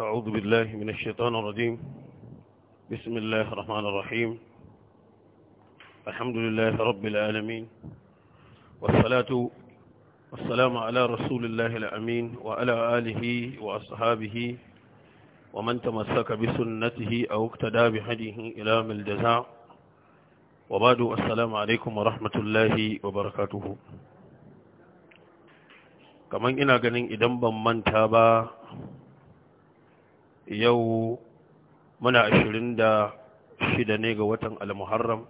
أعوذ بالله من الشيطان الرجيم بسم الله الرحمن الرحيم الحمد لله رب العالمين والصلاة والسلام على رسول الله الأمين وعلى آله وأصحابه ومن تمسك بسنته أو اقتدى بهديه إلى من الجزاء وبعد السلام عليكم ورحمة الله وبركاته kamar ina ganin idan ban manta ba yau muna ashirin da shida ne ga watan al-muharram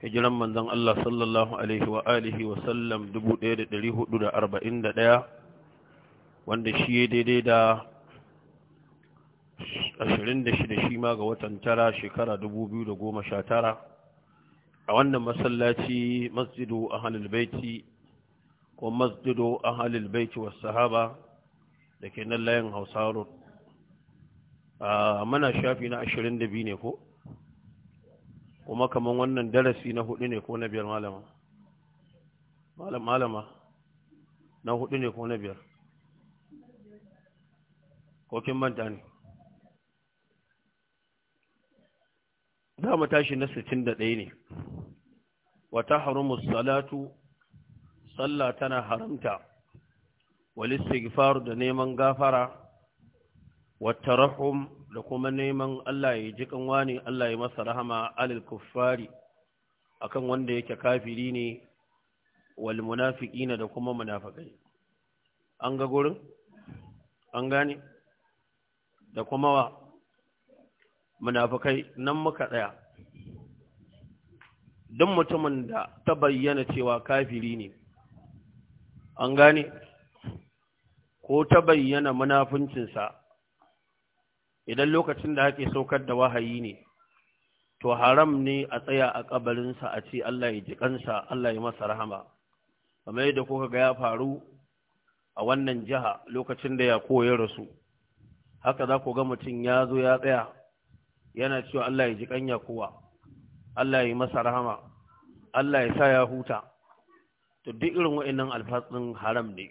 hijiran manzon Allah sallallahu alaihi wa alihi wa sallam 1441 wanda shi ya daidai da 26 shi ma ga watan tara shekara 2019 a wannan masallaci masjidu ahlul baiti ko masjidu ahlul baiti was sahaba da ke nan layin Hausa Road Ah, mana shafi na ashirin da biyu ne ko kuma kamar wannan darasi na hudu ne ko na biyar malama malama na hudu ne ko na biyar ko kin manta ne za mu tashi na sittin da ɗaya ne wata harumus salatu sallah tana haramta walistighfar da neman gafara wattarahum da kuma neman Allah ya ji kanwani Allah ya masa rahama alil kuffari akan wanda yake kafiri ne wal munafiqina da kuma munafikai an ga gurin an gane da kuma wa munafikai nan muka tsaya duk mutumin da ta bayyana cewa kafiri ne an gane ko ta bayyana munafuncinsa idan lokacin da ake saukar da wahayi ne to haram ne a tsaya a kabarinsa a ce Allah ya jikansa Allah ya masa rahama kamar yadda kuka ga ya faru a wannan jiha lokacin da ya koya rasu haka za ku ga mutum ya zo ya tsaya yana cewa Allah ya jikan ya kowa Allah ya yi masa rahama Allah ya sa ya huta to duk irin wa'annan alfatsin haram ne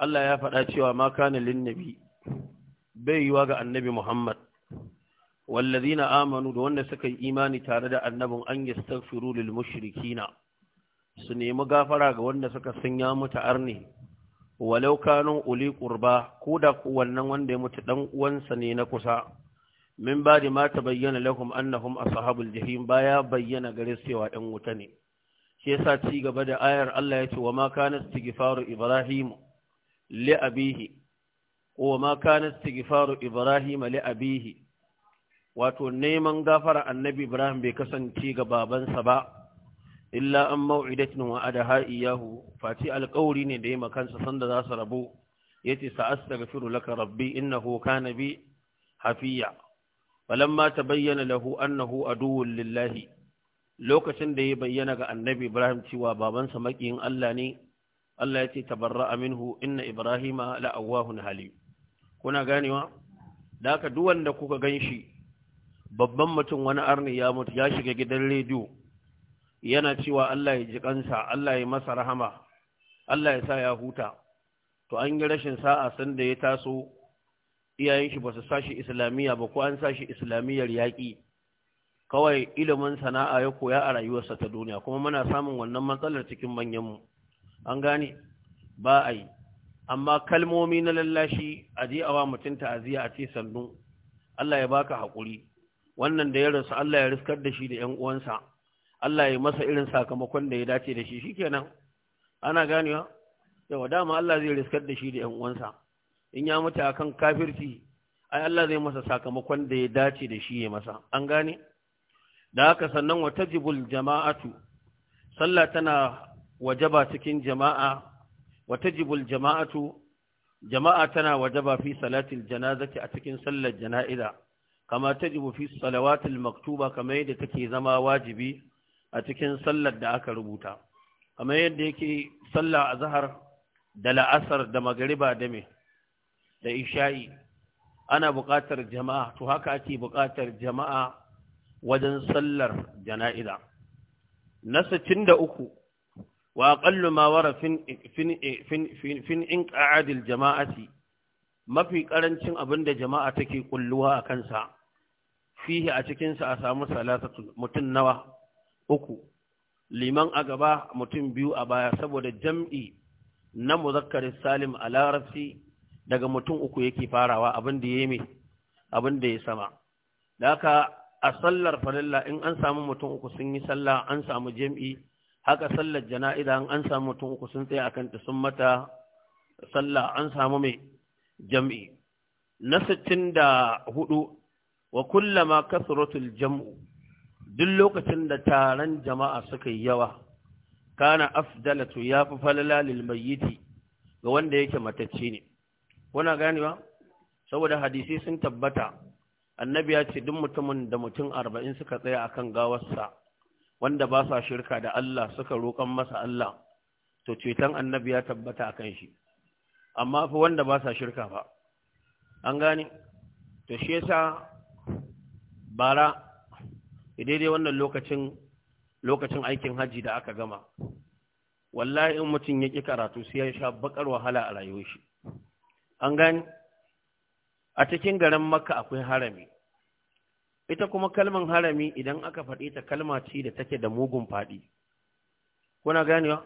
Allah ya faɗa cewa ma kana lin nabi bai yiwa ga annabi Muhammad wallazina amanu da wanda suka yi imani tare da annabin an yastaghfiru lil mushrikina su nemi gafara ga wanda suka sanya mutu arni walau kanu uli qurba ko da wannan wanda ya mutu dan uwansa ne na kusa min ba'di ma bayyana lahum annahum ashabul jahim baya bayyana gare su cewa dan wuta ne shi yasa ci gaba da ayar Allah ya ce wa ma kana istighfaru ibrahim li abihi وما كان Ibrahim إبراهيم لأبيه wato neman gafara annabi Ibrahim bai kasance ga babansa ba, illa an mau'idatin wa adaha iyahu, Fati alkawari ne da ya makansa sanda za su rabu, ya ce sa'asta ga firu laka rabbi inna hoka na bi hafiya, falamma ta bayyana lahu annahu aduwwun lillahi, lokacin da ya bayyana ga annabi Ibrahim cewa babansa maƙiyin Allah ne, Allah ya ce tabarra minhu inna Ibrahima la'awahun halim. kuna ganewa da aka duk wanda kuka gan shi babban mutum wani arni ya mutu ya shiga gidan rediyo yana cewa Allah ya ji kansa Allah ya masa rahama Allah ya sa ya huta to an yi rashin sa'a san da ya taso iyayen shi ba su sashi islamiyya ba ko an sashi islamiyyar yaki kawai ilimin sana'a ya koya a rayuwarsa ta duniya kuma muna samun wannan matsalar cikin manyanmu an gane ba a yi amma kalmomi na lallashi a je awa mutum ta'aziyya a ce sandun. Allah ya baka haƙuri wannan da ya rasu Allah ya riskar da shi da ƴan uwansa Allah ya masa irin sakamakon da ya dace da shi shikenan ana ganewa yawa dama Allah zai riskar da shi da ƴan uwansa in ya mutu akan kafirci ai Allah zai masa sakamakon da ya dace da shi ya masa an gane da haka sannan wa tajibul jama'atu sallah tana wajaba cikin jama'a Wata tajibul jama'a tana wajaba fi salatil janazati a cikin sallar jana'iza kama tajibu fi salawatil maktuba kamar yadda take zama wajibi a cikin sallar da aka rubuta kamar yadda yake sallah a zahar da la'asar da magariba da me da isha'i ana buƙatar jama'a to haka ake buƙatar jama'a wajen sallar jana'iza na uku. وأقل ما ورد في في انقعاد الجماعة ما في قرنشن أبند جماعة تكي قلوها كنسا فيه أتكنس أسامو ثلاثة متنوى أكو liman a gaba mutum biyu a baya saboda jam'i na muzakkar salim a larabci daga mutum uku yake farawa abin da ya yi sama da a sallar falalla in an samu mutum uku sun yi sallah an samu jam'i haka sallar jana'iza an samu mutum uku sun tsaye akan ta sun mata sallah an samu mai jam'i na da hudu, wa kullama kasratul jam'u duk lokacin da taron jama'a suka yi yawa kana afdalatu yafi falala lil mayyiti ga wanda yake matacce ne kuna ganewa saboda hadisi sun tabbata annabi ya ce duk mutumin da mutum arba'in suka tsaya akan gawarsa wanda ba sa shirka da Allah suka roƙon masa Allah to ceton annabi ya tabbata kan shi amma fi wanda ba sa shirka ba an gane to shi yasa bara daidai wannan lokacin lokacin aikin haji da aka gama wallahi in mutum ya ƙi karatu sai ya sha bakar wahala a rayuwar shi an gane a cikin garin makka akwai harami ita kuma kalman harami idan aka faɗi ta kalma ce da take da mugun faɗi kuna ganewa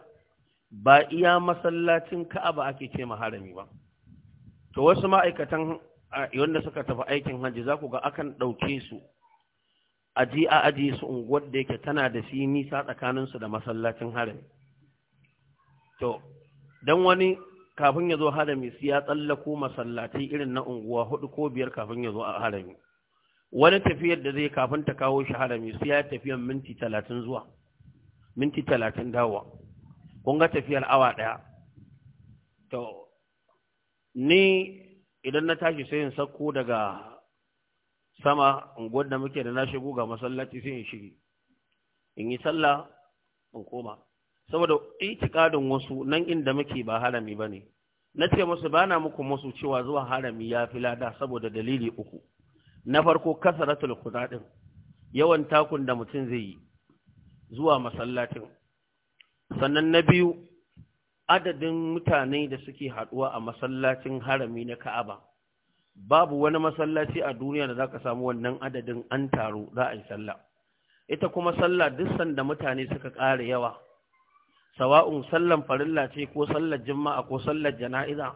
ba iya masallacin ka'aba ake ce ma harami ba to wasu ma'aikatan wanda suka tafi aikin hajji za ku ga akan ɗauke su a a ajiye su unguwar da yake tana da shi nisa tsakaninsu da masallacin harami to don wani kafin ya zo harami su ya tsallako masallaci irin na unguwa huɗu ko biyar kafin ya zo a harami wani tafiyar da zai kafin ta kawo shi harami sai ya tafiyar minti talatin zuwa minti talatin dawowa kun ga tafiyar awa ɗaya to ni idan na tashi sai in sauko daga sama unguwar da muke da na shigo ga masallaci sai in shige in yi sallah in koma saboda itikadin wasu nan inda muke ba harami ba ne. na ce musu bana muku musu cewa zuwa harami ya fi lada saboda dalili uku na farko kasaratul kudaɗin yawan takun da mutum zai yi zuwa masallacin sannan na biyu adadin mutane da suke haɗuwa a masallacin harami na ka'aba babu wani masallaci a duniya da za ka samu wannan adadin an taro za a yi sallah ita kuma sallah duk sanda mutane suka ƙara yawa sawa'un sallan farilla ce ko sallar juma'a ko sallar jana'iza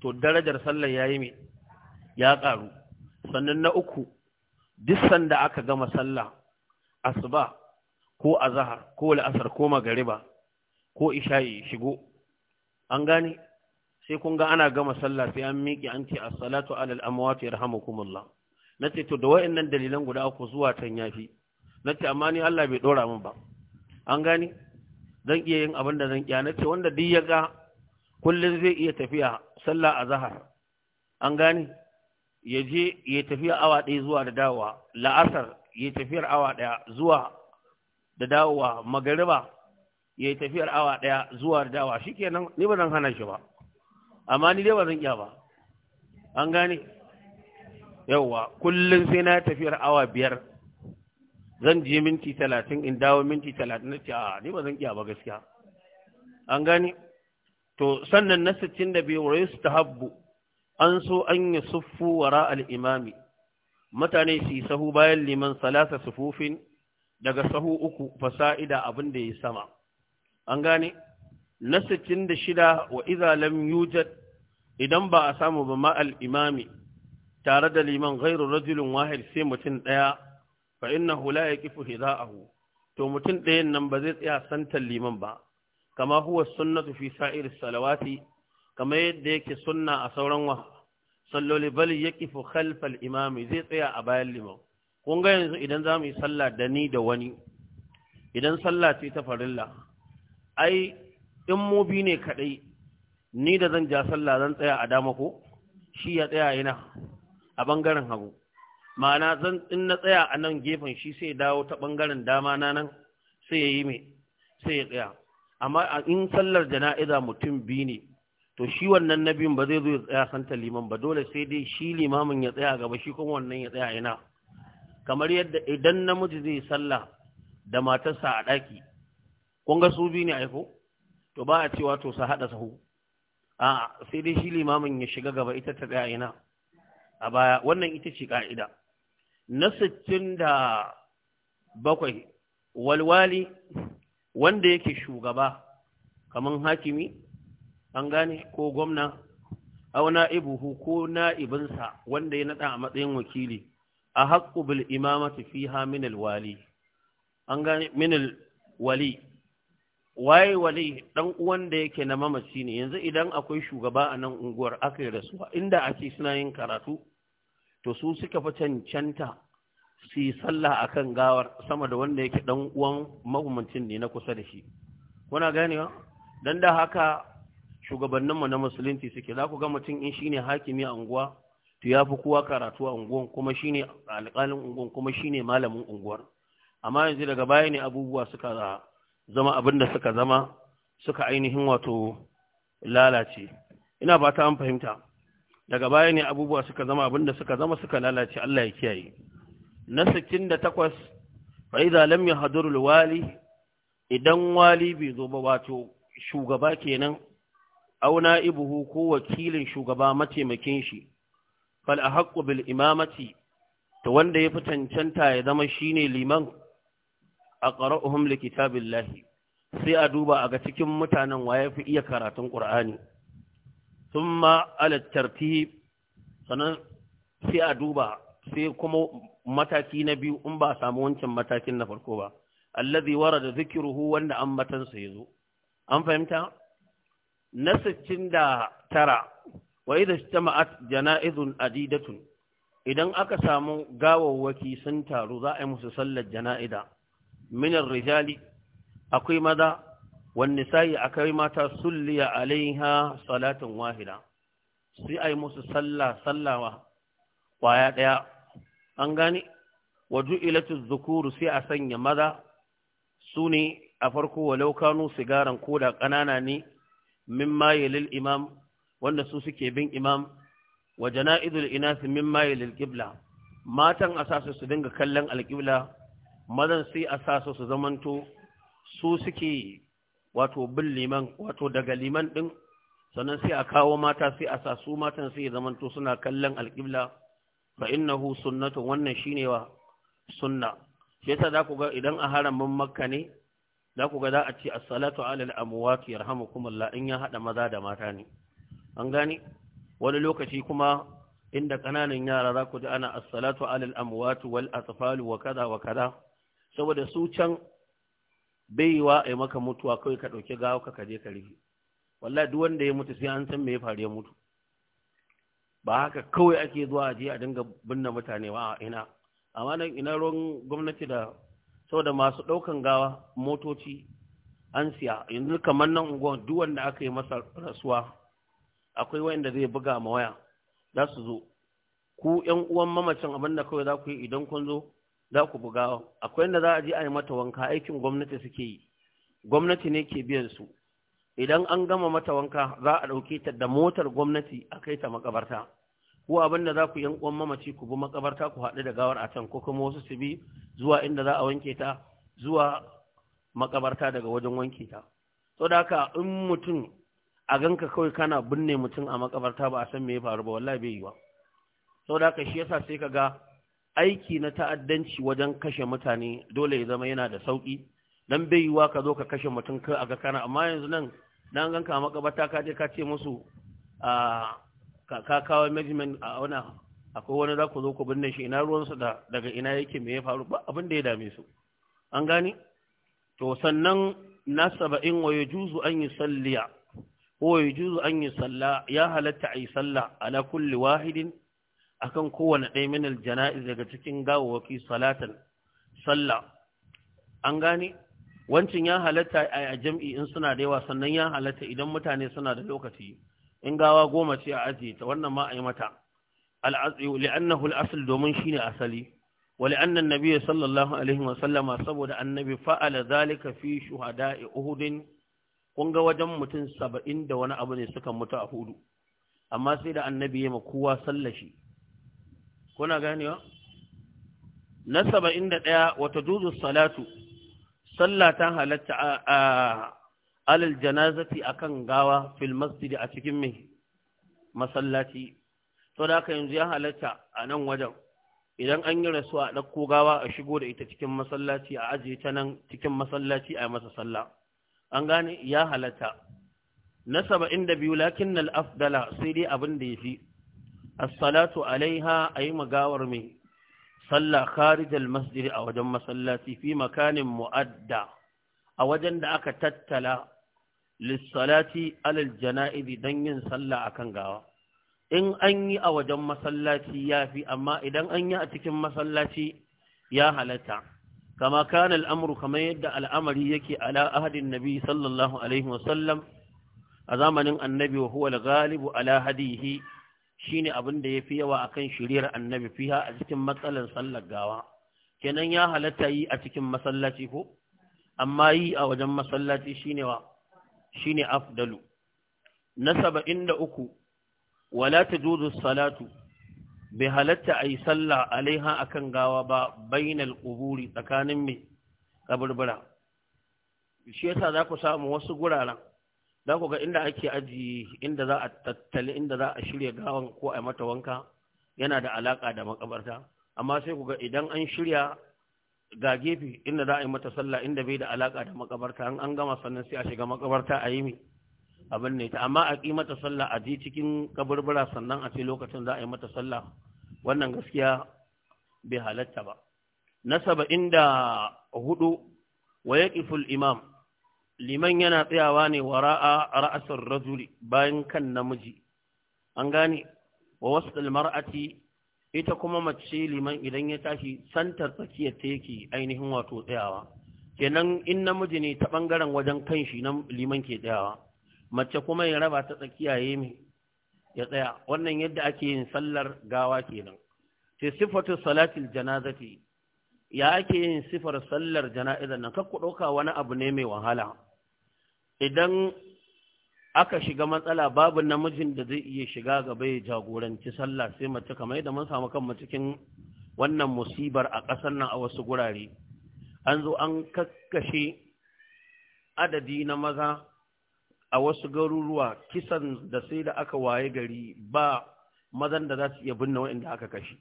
to darajar sallar yayi me ya ƙaru sannan na uku duk sanda aka gama sallah asuba ko azhar ko la'asar ko magariba ko isha'i shigo an gane sai kun ga ana gama sallah sai an miƙe an ce as-salatu al-amwat yarhamukumullah nace to da wayannan dalilan guda uku zuwa tan yafi nace amma ni Allah bai dora mun ba an gane zan iya yin abin da zan kiya nace wanda duk ya ga kullun zai iya tafiya sallah azhar an gane ya je ya tafiya awa ɗaya zuwa da dawowa la'asar ya tafiyar awa ɗaya zuwa da dawowa magariba ya tafiyar awa ɗaya zuwa da dawowa shikenan ni ba zan hana shi ba amma ni dai ba zan iya ba an gane yauwa kullum sai na tafiyar awa biyar zan je minti talatin in dawo minti talatin na ce a ni ba zan iya ba gaskiya an gane to sannan na sittin da biyu wa su ta habbu an so an yi suffu wara al'imami, mutane su yi sahu bayan liman salasa sufufin daga sahu uku fasa'ida abin da ya sama. An gane, na sittin da shida wa izalam yujad idan ba a samu ba ma al'imami tare da liman gairu rajulun wahid sai mutum ɗaya fa inna hula ya kifu hiza'ahu, to mutum ɗayan nan ba zai tsaya santan liman ba, kama huwa sunnatu fi sa'ir salawati kamar yadda yake sunna a sauran wa salloli bal fa khalfal imami zai tsaya a bayan liman kun ga yanzu idan za mu yi sallah da ni da wani idan sallah ce ta farilla ai in mu bi ne kadai ni da zan ja sallah zan tsaya a dama ko shi ya tsaya yana a bangaren hagu ma'ana zan in na tsaya a nan gefen shi sai dawo ta bangaren dama na nan sai ya yi mai sai ya tsaya amma in sallar jana'iza mutum biyu ne to shi wannan nabin ba zai zo ya tsaya santa liman ba dole sai dai shi limamin ya tsaya gaba shi kuma wannan ya tsaya ina kamar yadda idan namiji zai sallah da matarsa a ɗaki kun ga su biyu ne aiko to ba a cewa to sa haɗa sahu a sai dai shi limamin ya shiga gaba ita ta tsaya ina a baya wannan ita ce ka'ida na sittin da bakwai walwali wanda yake shugaba kamar hakimi an gane ko gwamna aw na'ibuhu ko na'ibinsa wanda ya naɗa a matsayin wakili a haƙƙu bil imamati fiha min al wali an gane min wali waye wali dan uwan da yake na mamaci ne yanzu idan akwai shugaba a nan unguwar akai rasuwa inda ake suna yin karatu to su suka fi cancanta su yi sallah kan gawar sama da wanda yake dan uwan mahumancin ne na kusa da shi kuna ganewa dan da haka shugabanninmu na musulunci suke za ku ga mutum in shine hakimi a unguwa to ya fi kowa karatu a unguwan kuma shine alƙalin unguwan kuma shine malamin unguwar amma yanzu daga baya ne abubuwa suka zama abin da suka zama suka ainihin wato lalace ina ba ta an fahimta daga baya ne abubuwa suka zama abin da suka zama suka lalace Allah ya kiyaye na 68 fa idza lam yahdur alwali idan wali bai zo ba wato shugaba kenan Auna ibuhu ko wakilin shugaba mataimakin shi fal a bil imamati ta wanda ya fi cancanta ya zama shine liman aqra'uhum li kitabillahi sai a duba a ga cikin mutanen waye fi iya karatun qur'ani thumma ala tartib sannan sai a duba sai kuma mataki na biyu in ba a samu wancan matakin na farko ba allazi da zikruhu wanda an matansa yazo an fahimta na sittin da tara wa idha ijtama'at jana'izun adidatun idan aka samu gawawwaki sun taru za a yi musu sallar jana'ida minar rijali akwai maza wan a kai mata sulliya alaiha Salatin wahida sai a yi musu sallah sallawa kwaya ɗaya, an gane waju ilatu zukuru sai a sanya maza su ne a farko walaukanu sigaran koda ƙanana ne mimma yalil imam wanda su suke bin imam wa jana'izul inas mimma yalil qibla matan asasu su dinga kallon alqibla mazan sai asasu su zamanto su suke wato bin liman wato daga liman din sannan sai a kawo mata sai a sa su matan sai zamanto suna kallon alqibla fa innahu sunnatu wannan shine wa sunna shi yasa za ku ga idan a haramin makka ne za ku ga za a ce assalatu alal amwat yarhamukumullah in ya hada maza da mata ne an gani wani lokaci kuma inda kananan yara za ku ji ana assalatu alal amwat wal atfal wa kaza wa kaza saboda su can baiwa ai maka mutuwa kai ka dauki gawo ka kaje ka rufe wallahi duk wanda ya mutu sai an san me ya faru ya mutu ba haka kawai ake zuwa a je a dinga binne mutane wa ina amma nan ina ruwan gwamnati da saboda masu ɗaukan gawa motoci an siya yanzu kamar nan unguwan duk wanda aka yi masa rasuwa akwai wanda zai buga ma waya za su zo ku yan uwan mamacin abin da kawai za ku yi idan kun zo za ku buga akwai wanda za a je a yi mata wanka aikin gwamnati suke yi gwamnati ne ke biyan su idan an gama mata wanka za a ɗauke ta da motar gwamnati a kai ta makabarta ko abin da za ku yan uwan mamaci ku bi makabarta ku haɗu da gawar a can ko kuma wasu su bi zuwa inda za a wanke ta zuwa makabarta daga wajen wanke ta to da haka in mutum a ganka kawai kana binne mutum a makabarta ba a san me ya faru ba wallahi bai yi ba to da haka shi yasa sai ka ga aiki na ta'addanci wajen kashe mutane dole ya zama yana da sauki dan bai yi ka zo ka kashe mutum ka aga kana amma yanzu nan dan ganka a makabarta ka je ka ce musu a ah, ka kawo management a wani akwai wani za ku zo ku binne shi ina da daga ina yake me ya faru ba abin da ya dame su an gane to sannan na saba'in wa yajuzu an yi salliya ko yajuzu an yi salla ya halatta a yi salla ala kulli wahidin akan kowane ɗaya min aljana'iz daga cikin gawawaki salatan salla an gane wancin ya halatta a jam'i in suna da yawa sannan ya halatta idan mutane suna da lokaci in gawa goma ce a ajiye ta wannan ma a yi mata li'annahu al'asl domin shi ne asali wa li'anna an-nabiy sallallahu alaihi wa sallama saboda annabi fa'ala zalika fi shuhada'i uhud kun ga wajen mutum saba'in da wani abu ne suka mutu a hudu amma sai da annabi ya ma kowa sallashi kuna ganewa na saba'in da ɗaya wata juzu salatu sallah ta halatta alal janazati akan gawa fil masjidi a cikin mai masallaci to da yanzu ya halatta a nan wajen idan an yi rasuwa a ɗauko gawa a shigo da ita cikin masallaci a ajiye ta nan cikin masallaci a masa sallah an gane ya halatta na saba'in da biyu lakin na afdala sai dai abin da ya fi salatu, alaiha a yi magawar mai sallah kharijal masjidi a wajen masallaci fi makanin mu'adda a wajen da aka tattala lissalati alal jana'izi don yin sallah akan gawa in an yi a wajen masallaci ya fi amma idan an yi a cikin masallaci ya halatta kama kana al'amuru kamar yadda al'amari yake ala ahadin nabi sallallahu alaihi wasallam a zamanin annabi wa huwa galibu ala hadihi shine abin da yafi yawa akan shiriyar annabi fiha a cikin matsalan sallar gawa kenan ya halatta yi a cikin masallaci ko amma yi a wajen masallaci shine wa shine afdalu na saba'in da uku wala ta salatu bai halatta a yi sallah alaiha a kan gawa ba bainal ƙuburi tsakanin mai kaburbura. shi yasa za ku samu wasu guraren za ku ga inda ake ajiye inda za a tattali inda za a shirya gawan ko a mata wanka yana da alaƙa da makabarta amma sai ku ga idan an shirya ga gefe inda za a yi mata sallah inda bai da alaka da makabarta an gama sannan sai a shiga makabarta a yi mi abin ne ta amma a ƙi mata sallah a ji cikin kaburbura sannan a ce lokacin za a yi mata sallah wannan gaskiya bai halatta ba na saba'in da hudu wa ya imam liman yana tsayawa ne wa ra'a ra'asar rajuli bayan kan namiji an gane wa wasu mar'ati ita kuma mace liman idan ya tashi santar tsakiyar ta yake ainihin wato tsayawa kenan in namiji ne ta bangaren wajen kan shi na liman ke tsayawa mace kuma ya raba ta tsakiya ya mai ya tsaya wannan yadda ake yin sallar gawa kenan ta sifatu salatil janazati ya ake yin sifar sallar jana'izar nan kakku ɗauka wani abu ne mai wahala idan aka shiga matsala babu namijin da zai iya shiga gaba ya jagoranci sallah sai mace kamar yadda mun samu kanmu cikin wannan musibar a ƙasar nan a wasu gurare an zo an kakkashe adadi na maza a wasu garuruwa kisan da sai da aka waye gari ba mazan da za su iya binne wanda aka kashe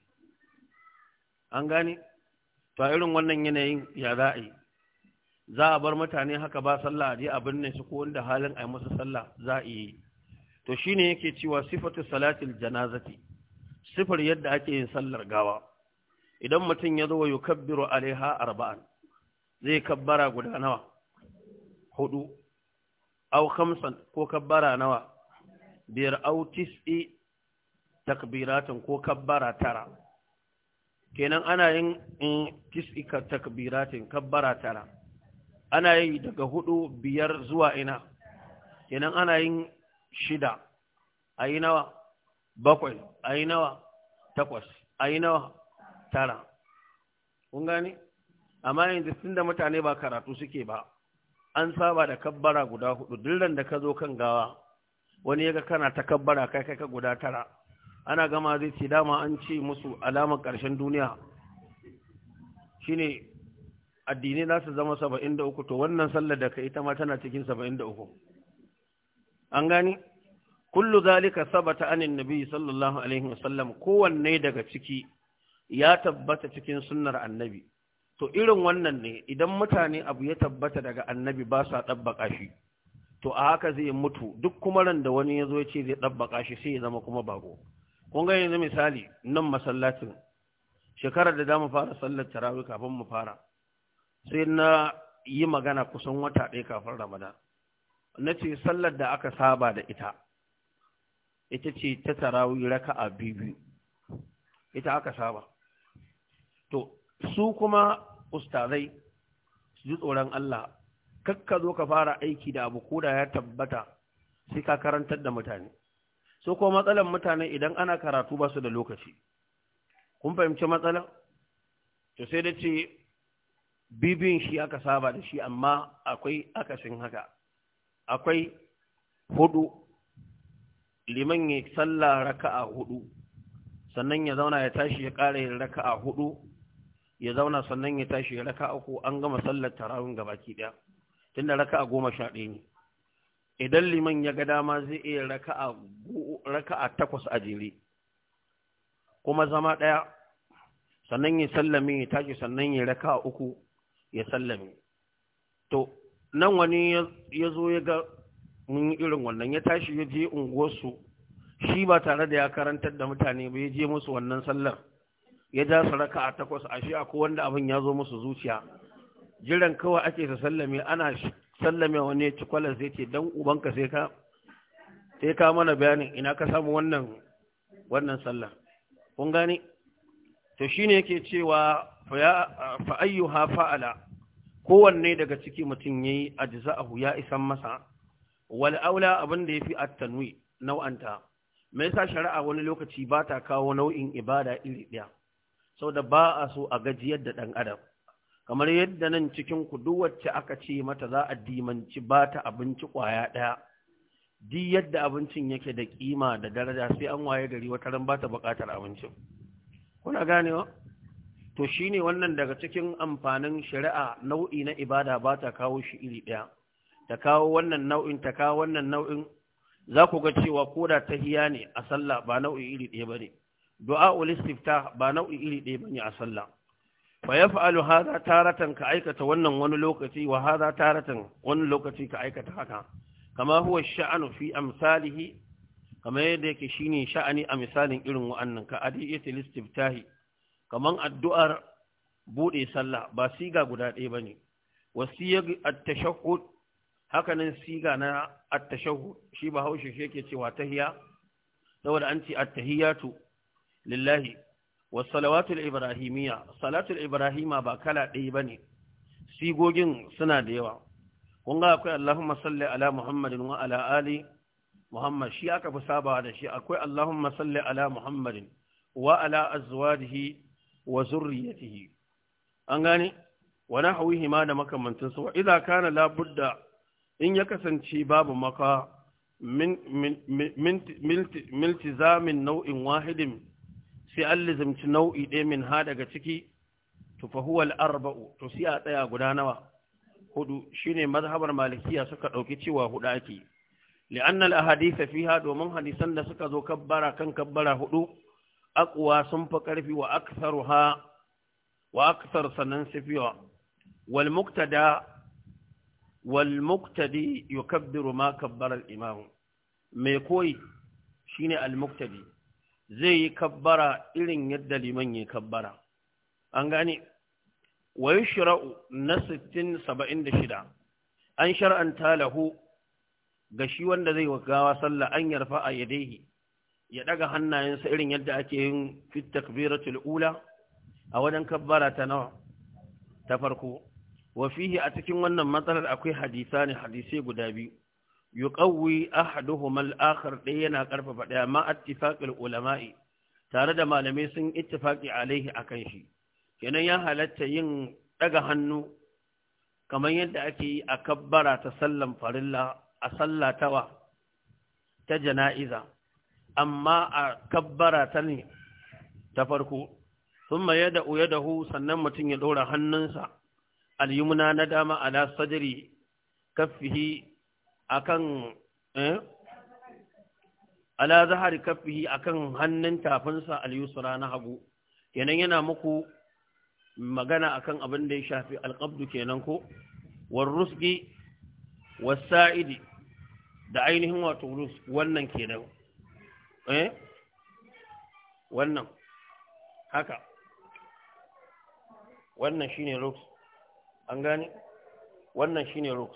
an gane to irin wannan yanayin ya za yi za a bar mutane haka ba sallah a je a birnin su ko wanda halin a masa sallah za a yi to shi shine yake cewa sifatu salatil janazati sifar yadda ake yin sallar gawa idan mutum ya zo wa yukabbiru alaiha arba'an zai kabbara guda nawa hudu aw khamsan ko kabbara nawa biyar aw tis'i takbiratan ko kabbara tara kenan ana yin mm, tis'i takbiratin kabbara tara ana yi daga hudu biyar zuwa ina kenan ana yin shida a yi nawa bakwai a yi nawa takwas a yi nawa tara kun gani amma yanzu tun da mutane ba karatu suke ba an saba da kabbara guda hudu dillan da ka zo kan gawa wani yaga kana ta kabbara kai kai ka guda tara ana gama zai ce dama an ce musu alamar ƙarshen duniya shine addinai za su zama saba'in da uku to wannan sallar da ka ita ma tana cikin saba'in da uku an gani kullu zalika sabata anin nabi sallallahu alaihi wasallam kowanne daga ciki ya tabbata cikin sunnar annabi to irin wannan ne idan mutane abu ya tabbata daga annabi ba sa ɗabbaka shi to a haka zai mutu duk kuma ran da wani ya zo ya ce zai ɗabbaka shi sai ya zama kuma bako kun gani yanzu misali nan masallacin shekarar da za mu fara sallar tarawih kafin mu fara sai na yi magana kusan wata ɗaya kafin ramadan na ce sallar da aka saba da ita ita ce ta raka a bibi, ita aka saba to su kuma ustazai su ji tsoron Allah kakka zo ka fara aiki da abu koda ya tabbata sai ka karantar da mutane so ko matsalan mutane idan ana karatu ba su da lokaci kun fahimci matsalan to sai da ce bibin shi aka saba da shi amma akwai akasin haka akwai hudu liman ya salla raka'a hudu sannan ya zauna ya tashi ya ƙara yin raka'a hudu ya zauna sannan ya tashi ya raka'a uku an gama sallar tarawun gabaki daya tunda raka'a goma sha ɗaya ne idan liman ya ga dama zai iya raka'a raka'a takwas a jere kuma zama ɗaya sannan ya sallame ya tashi sannan ya raka'a uku ya sallame to nan wani ya zo ya ga mun irin wannan ya tashi ya je unguwarsu shi ba tare da ya karantar da mutane ba ya je musu wannan sallar ya ja su raka a takwas a shi akwai wanda abin ya zo musu zuciya jiran kawai ake sa sallame ana sallame wani ci kwalas zai ce dan ubanka sai ka sai ka mana bayanin ina ka samu wannan sallar kun gane to shine yake cewa fa fa'ala kowanne daga ciki mutum ya yi yayi ajza'ahu ya isan masa wal aula abin da fi at-tanwi nau'anta me yasa shari'a wani lokaci ba ta kawo nau'in ibada iri ɗaya? saboda ba a so a gaji yadda ɗan adam kamar yadda nan cikin ku wacce aka ce mata za a dimanci ba ta abinci kwaya ɗaya? Di yadda abincin yake da kima da daraja sai an waye gari wata ran ba ta bukatar abincin kuna ganewa to shine wannan daga cikin amfanin shari'a nau'i na ibada ba ta kawo shi iri ɗaya ta kawo wannan nau'in ta kawo wannan nau'in za ku ga cewa koda ta hiya ne a sallah ba nau'i iri ɗaya ba ne du'a ulistifta ba nau'i iri ɗaya ba ne a sallah fa ya fa'alu haza taratan ka aikata wannan wani lokaci wa taratan wani lokaci ka aikata haka kama huwa sha'anu fi amsalihi kama yadda yake shine sha'ani a misalin irin wa'annan ka adiyatul istiftahi kaman addu'ar buɗe sallah ba siga guda ɗaya ba ne wasiyar attashahud hakanan siga na attashahud shi ba haushe shi yake cewa tahiya saboda an ce attahiyatu lillahi wasalawatul ibrahimiyya salatul ibrahima ba kala ɗaya ba ne sigogin suna da yawa kun ga akwai allahumma salli ala muhammadin wa ala ali muhammad shi aka fi sabawa da shi akwai allahumma salli ala muhammadin wa ala azwajihi wa zurriyatihi an gane wa nahwihi ma da makamantan su idza kana la budda in ya kasance babu maka min min miltizamin nau'in wahidin sai an lizamci nau'i ɗaya min ha daga ciki to fa huwa arbau to si a tsaya guda nawa hudu shine mazhabar malikiya suka dauki cewa hudu ake li'anna al-ahadith fiha domin hadisan da suka zo kabbara kan kabbara hudu aqwa sun fi ƙarfi wa aktharuha wa akthar sanan sifiwa wal muqtada wal muqtadi yukabbiru ma kabbara al imam mai koyi shine al muqtadi zai yi kabbara irin yadda liman ya kabbara an gane wa yushra'u na 60 76 an shar'anta lahu ga shi wanda zai wa gawa sallah an yarfa a yadaihi ya daga hannayensa irin yadda ake yin fit takbiratul ula a wajen kabbara ta nawa ta farko wa fihi a cikin wannan matsalar akwai hadisa ne hadisai guda biyu yuqawwi ahadu al-akhar ɗaya yana karfafa ɗaya ma ittifaqil ulama'i tare da malamai sun ittifaƙi alaihi kan shi kenan ya halatta yin daga hannu kamar yadda ake yi a kabbara ta sallan farilla a sallatawa ta jana'iza amma a kabbara ta ne ta farko sun ma da uya dahu sannan mutum ya ɗora hannunsa alyumna na dama ala sadri a akan eh ala zahari hannun tafinsa al-yusra na hagu kenan yana muku magana akan abin da ya shafi alƙabdu kenan ko war wasa'idi sa'idi da ainihin wato rus wannan kenan eh wannan haka wannan shine rux an gane wannan shine rux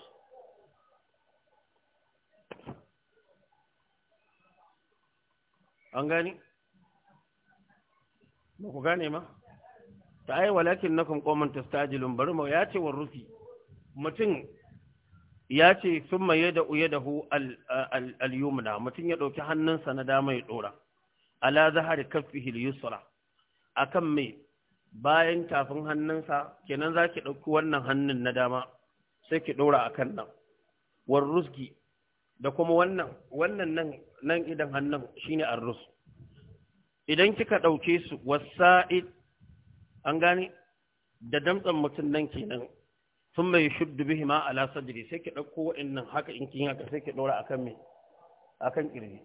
an gane ba ku gane ma ta ai walakin nakum qauman tastajilun bari mu ya ce wa rufi mutum ya ce sun maye da uye da hu al mutum ya ɗauki hannunsa na dama ya ɗora ala zahari kafihi A kan mai bayan tafin hannunsa kenan za ki ɗauki wannan hannun na dama sai ki ɗora a kan nan war ruski da kuma wannan wannan nan idan hannun shi shine rus. idan kika ɗauke su wasa'id an gane da damtsan mutum nan kenan sun mai shuddu bihi ma ala sadri sai ki ɗauko waɗannan haka in kin haka sai ki ɗora akan me akan ƙirji.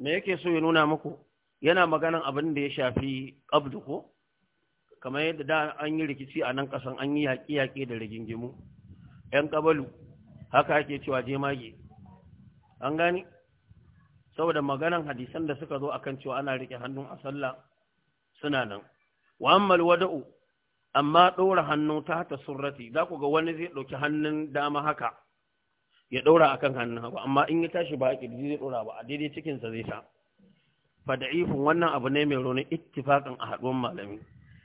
me yake so ya nuna muku yana maganan abin da ya shafi qabdu ko kamar yadda da an yi rikici a nan ƙasan, an yi yaƙi yaƙi da rigingimu Yan ƙabalu haka ake cewa jemage an gani saboda maganan hadisan da suka zo akan cewa ana rike hannun a sallah suna nan wa ammal wada'u amma ɗora hannu ta hata surrati za ku ga wani zai ɗauki hannun dama haka ya ɗora a kan hannun haka? amma in ya tashi ba a ƙirji zai ɗora ba a daidai cikinsa zai sa fada'ifin wannan abu ne mai raunin ittifaƙin a haɗuwan malami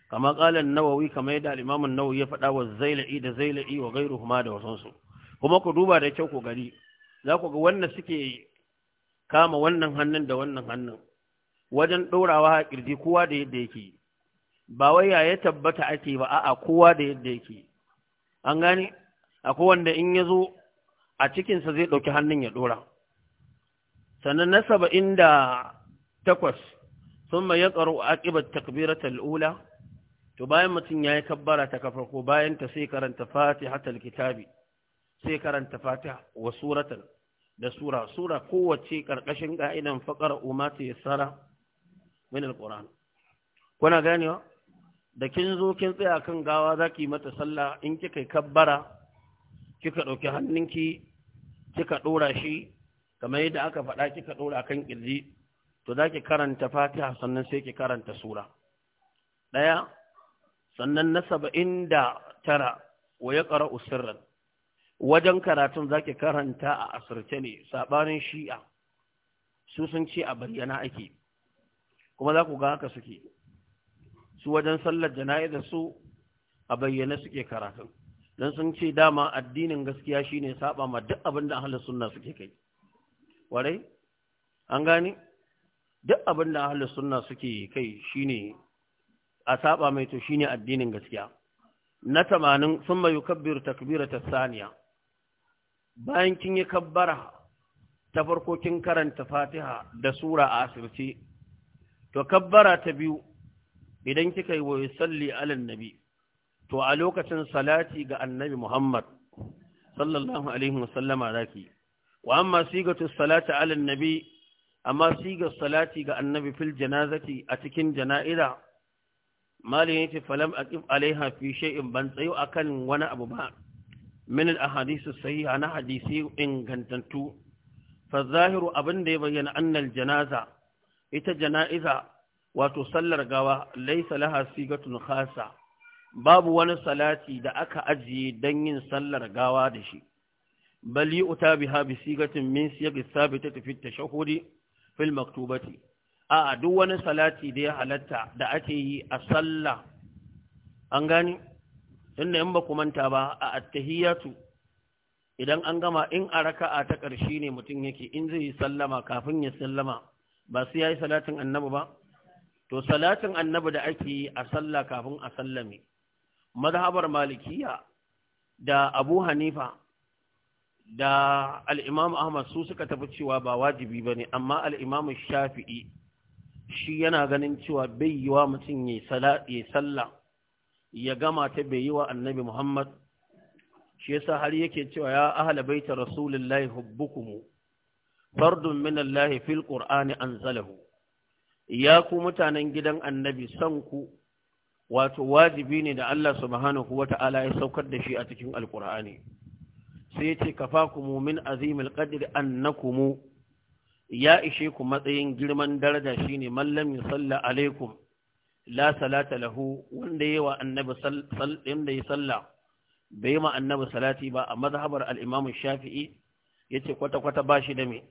kama ƙalan nawawi kamar yadda alimamin nawawi ya faɗa wa zaila'i da zaila'i wa gairu kuma da wasansu kuma ku duba da kyau ku gari za ku ga wannan suke kama wannan hannun da wannan hannun wajen ɗorawa a ƙirji kowa da yadda yake ba wai ya tabbata ake ba a kowa da yadda yake an gane akwai wanda in ya zo a cikinsa zai ɗauki hannun ya ɗora sannan na saba'in da takwas sun mai ya tsaro a ƙibar takbiratar ula to bayan mutum ya yi kabbara ta kafa ko bayan ta sai karanta fatiha kitabi sai karanta fatiha wa suratan da sura sura kowace ƙarƙashin ƙa'idan faƙar umar ta sara min al-ƙur'an kuna ganewa da kin zo kin tsaya kan gawa za ki mata sallah in kika kabbara kika ɗauki hannunki kika ɗora shi kamar yadda aka faɗa kika ɗora kan ƙirji to za ki karanta fatiha sannan sai ki karanta sura ɗaya sannan na saba'in da tara wa ya ƙara wajen karatun za ki karanta a asirce ne saɓanin shi'a su sun ce a bayyana ake kuma za ku ga haka suke su wajen sallar jana'izar su a bayyane suke karatu dan sun ce dama addinin gaskiya shine saba ma duk abin da ahlus sunna suke kai warai an gani? duk abin da ahlus sunna suke kai shine a saba mai to shine addinin gaskiya na 80 summa yukabbiru takbirata saniya bayan kin yi kabbara ta farko kin karanta fatiha da sura a asirce to kabbara ta biyu idan kika yi wa yusalli nabi to a lokacin salati ga annabi Muhammad sallallahu alaihi wasallama zaki wa amma sigatu salati ala nabi amma sigar salati ga annabi fil janazati a cikin jana'iza malin yace falam aqif alaiha fi shay'in ban tsayo akan wani abu ba min al ahadith sahiha na hadisi ingantattu fa zahiru abin da ya bayyana annal janaza ita jana'iza wato sallar gawa laisa laha sigatun khasa babu wani salati da aka ajiye don yin sallar gawa da shi bal yi uta biha bi sigatin min siyagi sabita tafi tashahudi fil maktubati a duk wani salati da ya halatta da ake yi a sallah an gani inda in ba ku manta ba a attahiyatu idan an gama in a raka'a ta ƙarshe ne mutum yake in zai yi sallama kafin ya sallama ba sai ya yi salatin annabi ba to salatin annabi da ake yi a sallah kafin a sallame mazhabar malikiya da abu hanifa da al'imam ahmad su suka tafi cewa ba wajibi ba ne amma al'imam shafi'i shi yana ganin cewa bai yi wa mutum ya sallah ya gama ta bai yi wa annabi muhammad shi yasa har yake cewa ya ahala baita rasulullahi hubbukumu fardun min Allah fil qur'ani anzalahu ya ku mutanen gidan annabi san ku wato wajibi ne da Allah subhanahu wata'ala ya saukar da shi a cikin alkur'ani sai ce ku min azimil qadr annakumu ya ishe ku matsayin girman daraja shine man lam salla alaikum la salata lahu wanda yawa annabi sallallahu ya salla bai ma annabi salati ba a mazhabar al'imamin shafi'i shafi'i yace kwata kwata bashi da me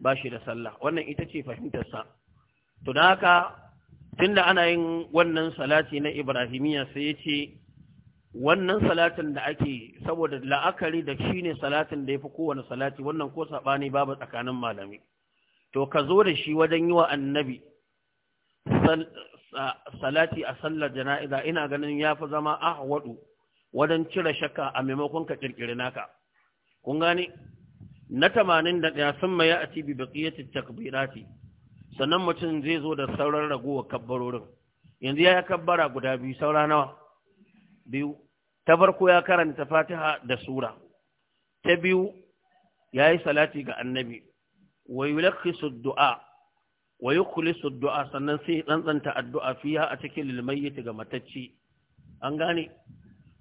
da sallah wannan ita ce fahimtarsa. to da haka tunda ana yin wannan salati na Ibrahimiyya sai ya ce wannan salatin da ake saboda la'akari da shi ne salatin da ya fi kowane salati wannan ko saɓani babu tsakanin malami to ka zo da shi wajen yi wa annabi salati a sallar jana'iza ina ganin ya fi zama ahwadu wajen cire shakka a maimakon ka kirkiri naka kun gane na 81 sun mai ya a cibi baƙiyyar takbirati sannan mutum zai zo da sauran ragowar kabbarorin yanzu ya kabbara guda biyu saura nawa biyu ta farko ya karanta fatiha da sura ta biyu ya yi salati ga annabi wa yulakhisu du'a wa yukhlisu du'a sannan sai tsantsanta addu'a fiha a cikin lilmayyit ga matacci an gane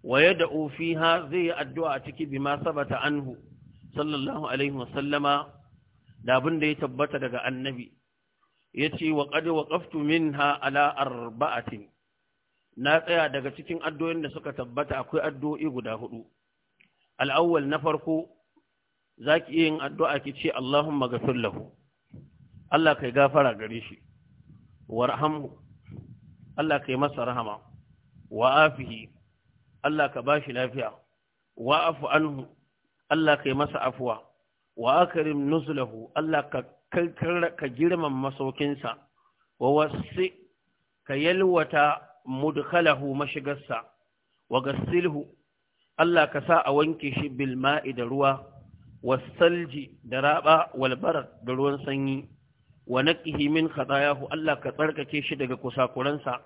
wa ofi ha zai addu'a a ciki bima sabata anhu sallallahu alaihi wa sallama da abin da ya tabbata daga annabi Ya ce, wa qad min ha ala arba'atin na tsaya daga cikin addu'o'in da suka tabbata akwai addu'o'i guda hudu Al'awwal na farko za zaki yin addu'a ki ce Allahumma ghafir lahu Allah kai gafara gare shi warhamhu Allah kai masa rahama wa afihi Allah ka bashi lafiya wa afu anhu Allah kai masa afuwa wa akrim nuzulahu Allah ka ka girma masaukinsa wa wasu ka yalwata mudkhalahu mashigarsa wa gassilhu Allah ka sa a wanke shi bil ma'i da ruwa wasalji da raba wal da ruwan sanyi wa naqihi min khatayahu Allah ka tsarkake shi daga kusakuransa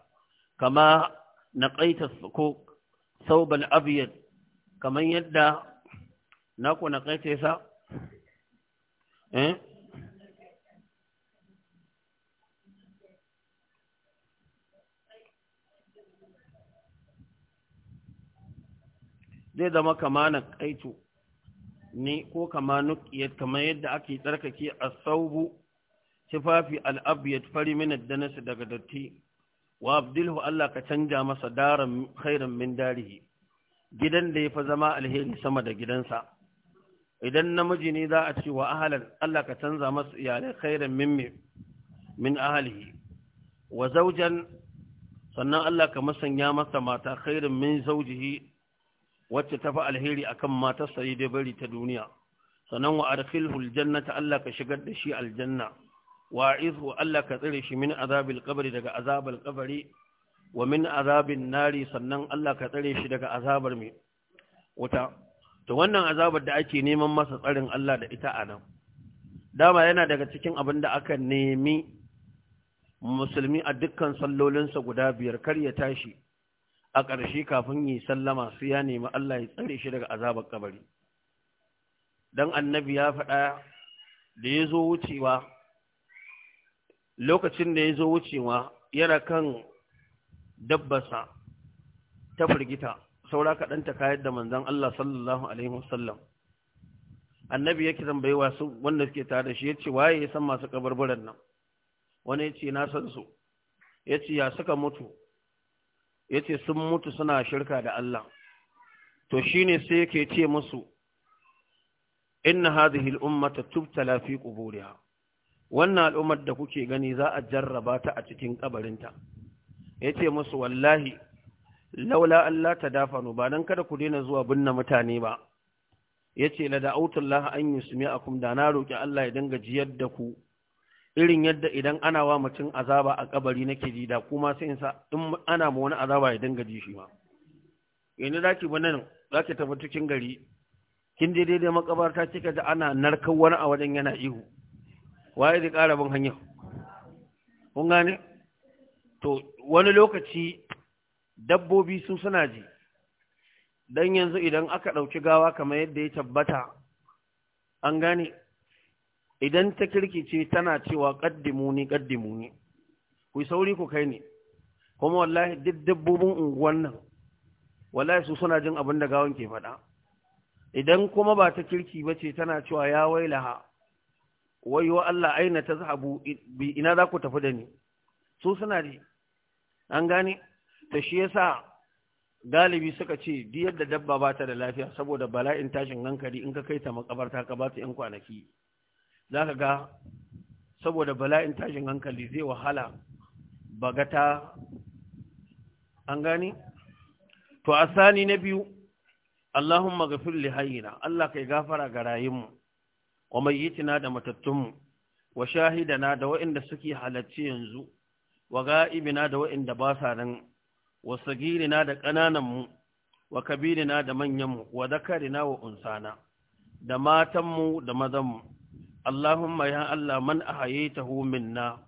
kama naqaita ko sauban abyad kaman yadda na ku naqaita yasa eh zai zama kama na kaitu ne ko kama nukiyar kama yadda ake tsarkake a saubu tufafi al’abiyar fari da nasu daga datti wa abdulhu Allah ka canja masa daren khairan min darihi gidan da ya fi zama alheri sama da gidansa idan namiji ne za a ce wa ahalar Allah ka canza masa iyalai khairan min min ahalihi wa zaujan sannan Allah ka masanya masa mata khairan min zaujihi wacce ta fi alheri kan matarsa yi da bari ta duniya sannan wa adkhilhu aljannata Allah ka shigar da shi aljanna wa izhu Allah ka tsire shi min azabil qabri daga azabil qabri wa min azabin nari sannan Allah ka tsire shi daga azabar mai wuta to wannan azabar da ake neman masa tsarin Allah da ita anan dama yana daga cikin abin da aka nemi musulmi a dukkan sallolinsa guda biyar kar ya tashi a ƙarshe kafin yi sallama su ya nemi Allah ya tsare shi daga azabar kabari dan annabi ya faɗa da ya zo wucewa lokacin da ya zo wucewa yana kan dabbasa ta firgita saura kaɗanta ta kayar da manzan Allah sallallahu Alaihi wasallam annabi yake tambayi wasu wanda suke tare da shi ya ce waye ya san masu kabarbaran nan wani ya ce na san su ya ce ya suka mutu ya ce sun mutu suna shirka da Allah to shi ne sai yake ce musu inna hadhihi ummata tubtala fi quburiha wannan al'ummar da kuke gani za a jarraba ta a cikin kabarinta yace musu wallahi laula Allah ta tadafanu ba don kada ku daina zuwa binne mutane ba yace la da'utu Allah an yusmi'akum da na roki Allah ya dinga jiyar da ku irin yadda idan ana wa mutum azaba a kabari nake ji da kuma sai in sa in ana ma wani azaba ya dinga ji shi ma yanzu zaki ba nan zaki tafi cikin gari kin je daidai makabarta kika ji ana narkar wani a wajen yana ihu waye zai ƙara bin hanya kun gane to wani lokaci dabbobi su suna ji dan yanzu idan aka ɗauki gawa kamar yadda ya tabbata an gane idan ta kirki ce tana cewa kaddimuni ni, ku sauri ku kai ni kuma wallahi duk dabbobin unguwan nan wallahi su suna jin abin da gawan ke faɗa idan kuma ba ta kirki ba ce tana cewa ya wailaha wayo Allah aina ta zahabu ina za ku tafi da ni su suna ji an gane ta shi yasa galibi suka ce diyar da dabba ba ta da lafiya saboda bala'in tashin hankali in ka kai ta makabarta ka ba ta 'yan kwanaki za ka ga saboda bala'in tashin hankali zai wahala bagata an gani to a sani na biyu Allahun magafin lihayina Allah kai gafara ga rayinmu wa tina da matattunmu wa shahidana da waɗanda suke halarci yanzu wa ga'ibina da waɗanda ba sa nan wa sagirina da ƙanananmu wa kabirina da manyanmu wa zakarina wa unsana da matanmu da mazanmu Allahumma ya Allah man ahayaytahu minna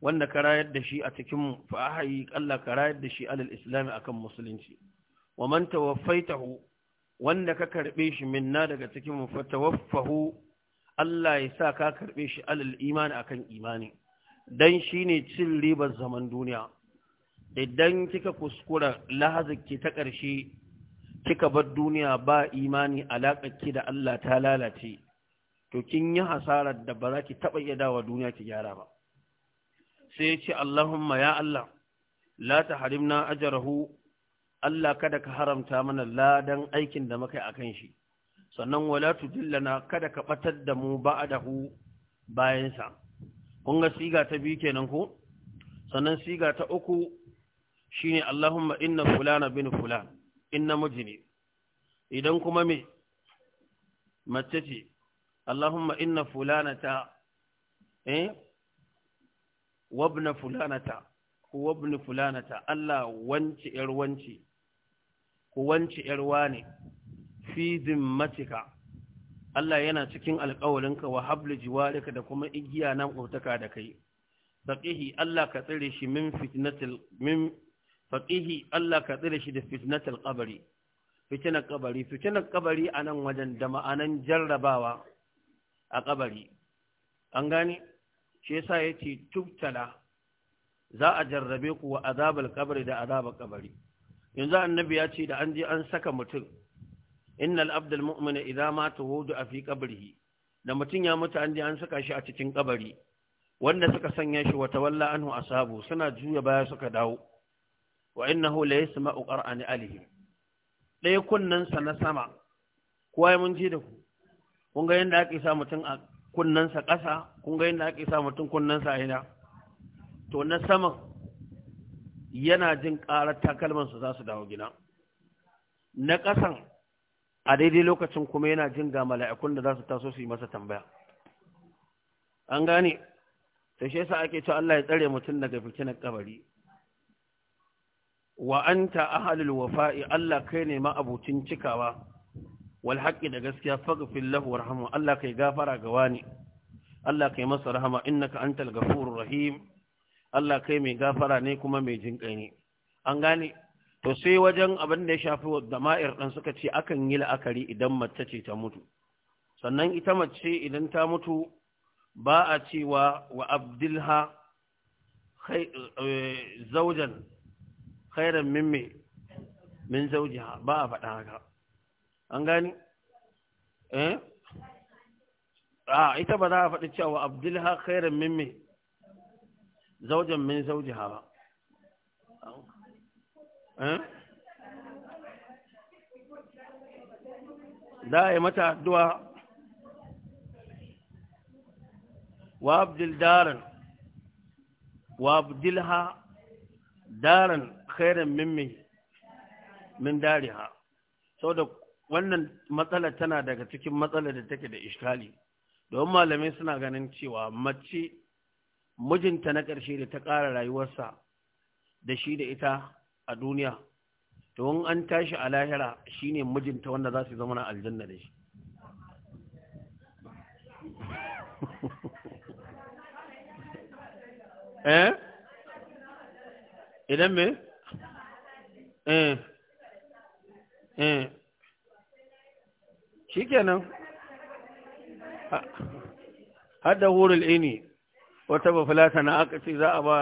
wanda ka rayar da shi a cikinmu fa ahayi Allah ka rayar da shi alal islam akan musulunci wa man tawaffaitahu wanda ka karbe shi minna daga cikin mu fa tawaffahu Allah ya sa ka karbe shi alal imani akan imani dan shine cin ribar zaman duniya idan kika kuskura lahazaki ta ƙarshe kika bar duniya ba imani alaƙar ki da Allah ta lalace to kin yi hasarar da ba za ki taɓa iya dawa duniya ki gyara ba sai ya ce Allahumma ya Allah la ta harimna ajarahu Allah kada ka haramta mana ladan aikin da muka yi a kan shi sannan wala tu dillana. kada ka batar da mu ba a dahu bayansa. kun ga siga ta biyu kenan ko sannan siga ta uku shine Allahumma inna fulana bin fulan inna mujni idan kuma me mace ce Allahumma inna fulanata eh wabna fulanata ko wabni fulanata Allah wance yar wance ko wance yar wane fi zimmatika Allah yana cikin alƙawarinka wa hablu jiwarika da kuma igiya na mutaka da kai faqihi Allah ka tsire shi min fitnatil min faqihi Allah ka tsire shi da fitnatil qabri fitnar qabri fitnar qabri anan wajen da ma'anan jarrabawa a kabari an gane shi yasa ce tubtala za a jarrabe ku wa azabal kabari da azabal kabari yanzu annabi ya ce da an je an saka mutum innal abdul mu'mina idza mata wudu fi qabrihi da mutum ya mutu an je an saka shi a cikin kabari wanda suka sanya shi wata walla anhu asabu suna juya baya suka dawo wa innahu la yasma'u qur'ani alihi ɗaya kunnen na sama kowa mun je da ku kun ga yadda ake sa mutum a kunnansa ƙasa kun ga yadda ake sa mutum a ina to na saman yana jin ƙarar takalmansa za su dawo gina na ƙasan a daidai lokacin kuma yana jin ga mala'ikun da za su taso su yi masa tambaya an gane ta shi yasa ake cewa Allah ya tsare mutum daga fitinar kabari wa anta ahlul wafa'i Allah kai ne ma abucin cikawa wal haqqi da gaskiya faghfir lahu warhamhu Allah kai gafara ga wani Allah kai masa rahama innaka antal ghafurur rahim Allah kai mai gafara ne kuma mai jinkai ne an gane to sai wajen abin da ya shafi dama'ir dan suka ce akan yi la'akari idan mace ce ta mutu sannan ita mace idan ta mutu ba a cewa wa abdilha eh, zawjan khairan mimmi min zaujiha ba a faɗa haka an gani eh a ita ba za a faɗi cewa abdulha khairan min me zaujan min ha ba eh za a yi mata addu'a wa abdul daran wa abdulha daran khairan min me min dariha da wannan matsala tana daga cikin matsalar da take da iskali don malamai suna ganin cewa mace mijinta na ƙarshe da ta ƙara rayuwarsa da shi da ita a duniya to an tashi a lahira shi ne mijinta wanda za su zama na aljanna da shi eh? idan me eh eh shikenan hadda hurul ini wata bafulata na aka ce za a ba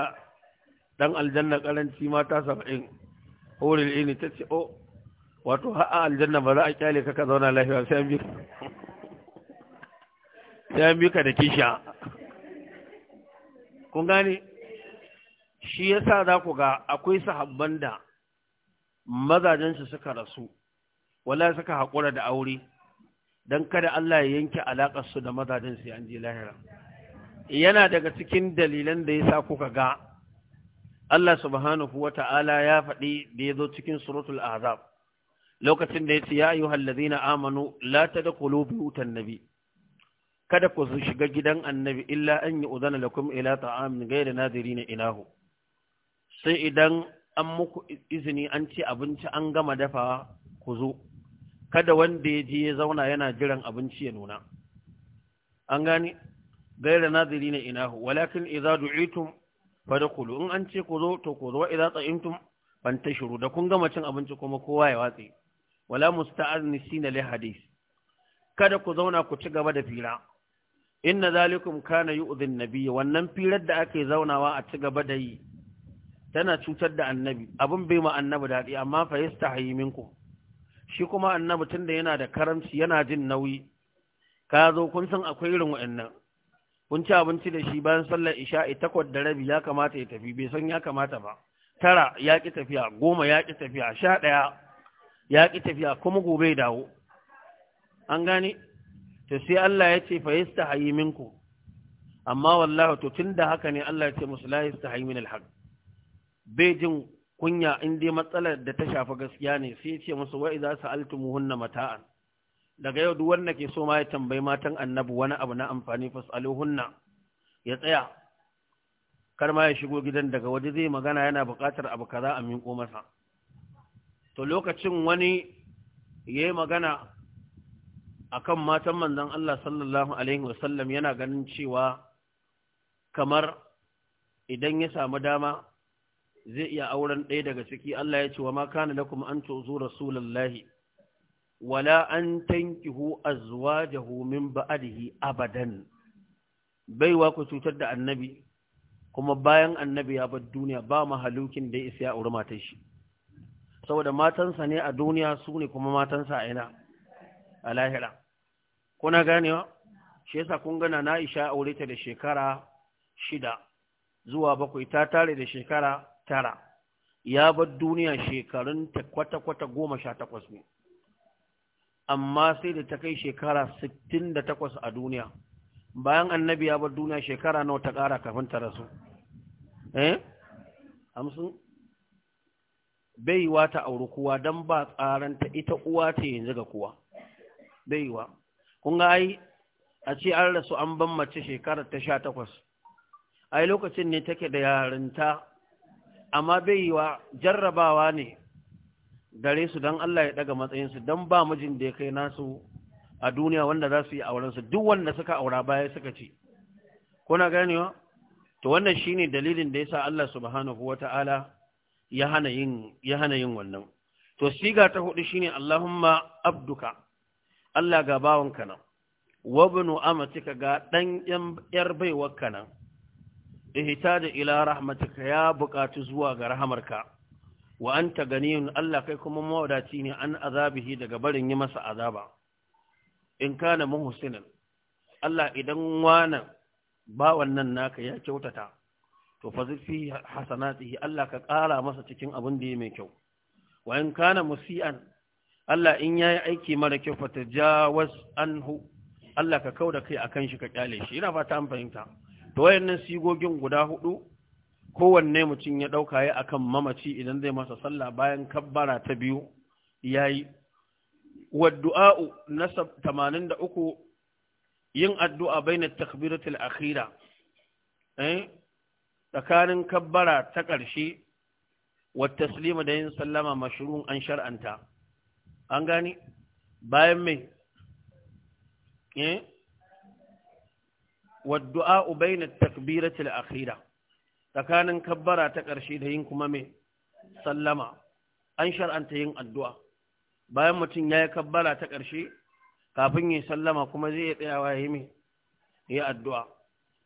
dan aljanna karanci mata saba'in hurul ini ta ce o oh, wato ha'a aljanna ba za a kyale ka ka zauna lafiya sai an bi sai an bi ka da kisha kun gani shi yasa za ku ga akwai sahabban da mazajensu suka rasu wala suka haƙura da aure don kada Allah ya yanke su da mazajen sai an je lahira yana daga cikin dalilan da ya sa kuka ga Allah subhanahu wa ta'ala ya faɗi da ya zo cikin suratul azab lokacin da ya ce ya ayyuhal ladina amanu la tadkhulu buyutan nabi kada ku shiga gidan annabi illa an yu'zana lakum ila ta'amin ghayra na inahu sai idan an muku izini an ci abinci an gama dafa ku zo kada wanda ya je ya zauna yana jiran abinci ya nuna an gani gaira naziri na inahu walakin idza du'itum fadkhulu in an ce ku zo to ku zo idza ta fantashiru da kun gama cin abinci kuma kowa ya watse wala musta'annisina li hadith kada ku zauna ku ci gaba da fira inna zalikum kana yu'dhin nabiy wannan firar da ake zaunawa a ci gaba da yi tana cutar da annabi abun bai ma annabi daɗi amma fa yastahi minkum shi kuma annabi tun da yana da karamci yana jin nauyi ka zo kun san akwai irin wa'annan kun ci abinci da shi bayan sallar isha'i takwas da rabi ya kamata ya tafi bai san ya kamata ba tara ya ƙi tafiya goma ya ƙi tafiya sha ɗaya ya ƙi tafiya kuma gobe dawo an gane to sai Allah ya ce fa yastahi minku amma wallahi to tunda haka ne Allah ya ce musu la yastahi min alhaq bai jin kunya in dai matsalar da ta shafi gaskiya ne sai ce musu wa idza sa'altumuhunna mata'an daga yau duk wanda ke so ma ya tambayi matan annabi wani abu na amfani fasaluhunna ya tsaya kar ma ya shigo gidan daga waje zai magana yana buƙatar abu kaza a miƙo masa to lokacin wani yayi magana akan matan manzon Allah sallallahu alaihi wasallam yana ganin cewa kamar idan ya samu dama zai iya auren ɗaya daga ciki Allah ya ce wa ma kana lakum an tuzu rasulullahi wala an tankihu azwajahu min ba'dihi abadan baiwa ku cutar da annabi kuma bayan annabi ya bar duniya ba mahalukin da ya isa ya aure matar shi saboda matansa ne a duniya su ne kuma matansa a ina a lahira kuna ganewa shi yasa kun gana na isha aure ta da shekara shida zuwa bakwai ta tare da shekara tara ya bar duniya ta kwata-kwata goma sha takwas ne amma sai da ta kai shekara sittin da takwas a duniya bayan annabi ya bar duniya shekara nawa ta ƙara kafin ta rasu eh amsu ta auri kowa don ba tsaranta ita uwa ta yanzu ga kowa baiwa kun ga ai a ce an rasu an ban mace shekarar ta sha takwas ai lokacin ne take da yarinta amma bai yi wa jarrabawa ne gare su don Allah ya daga matsayinsu don ba mijin da ya kai nasu a duniya wanda za su yi aurensu duk wanda suka aura baya suka ci kuna ganewa to wannan ne dalilin da ya sa Allah subhanahu wata'ala ya hana ya hana yin wannan to siga ta hudu shi shine Allahumma abduka Allah ga bawanka nan wa ibnu amatika ga ɗan yan yar baiwarka nan ihtaja ila rahmatika ya buƙatu zuwa ga rahamarka wa anta ganiyun Allah kai kuma mawadaci ne an azabihi daga barin yi masa azaba in kana muhsinan Allah idan wannan ba wannan naka ya kyautata to fa zifi hasanatihi Allah ka ƙara masa cikin abin da ya mai kyau wa in kana musian Allah in yayi aiki mara kyau fa tajawaz anhu Allah ka kauda kai akan shi ka kyale shi ina fata an fahimta to wayannan sigogin guda hudu kowanne mutum ya dauka ya akan mamaci idan zai masa sallah bayan kabbara ta biyu yayi wa du'a'u nasab 83 yin addu'a na takbiratul akhira eh tsakanin kabbara ta ƙarshe wa taslima da yin sallama mashrun an shar'anta an gani bayan mai eh waddu'a bayna takbirati al-akhira tsakanin kabbara ta ƙarshe da yin kuma mai sallama an shar'anta yin addu'a bayan mutum ya yi kabbara ta ƙarshe kafin yi sallama kuma zai tsayawa ya yi mai ya addu'a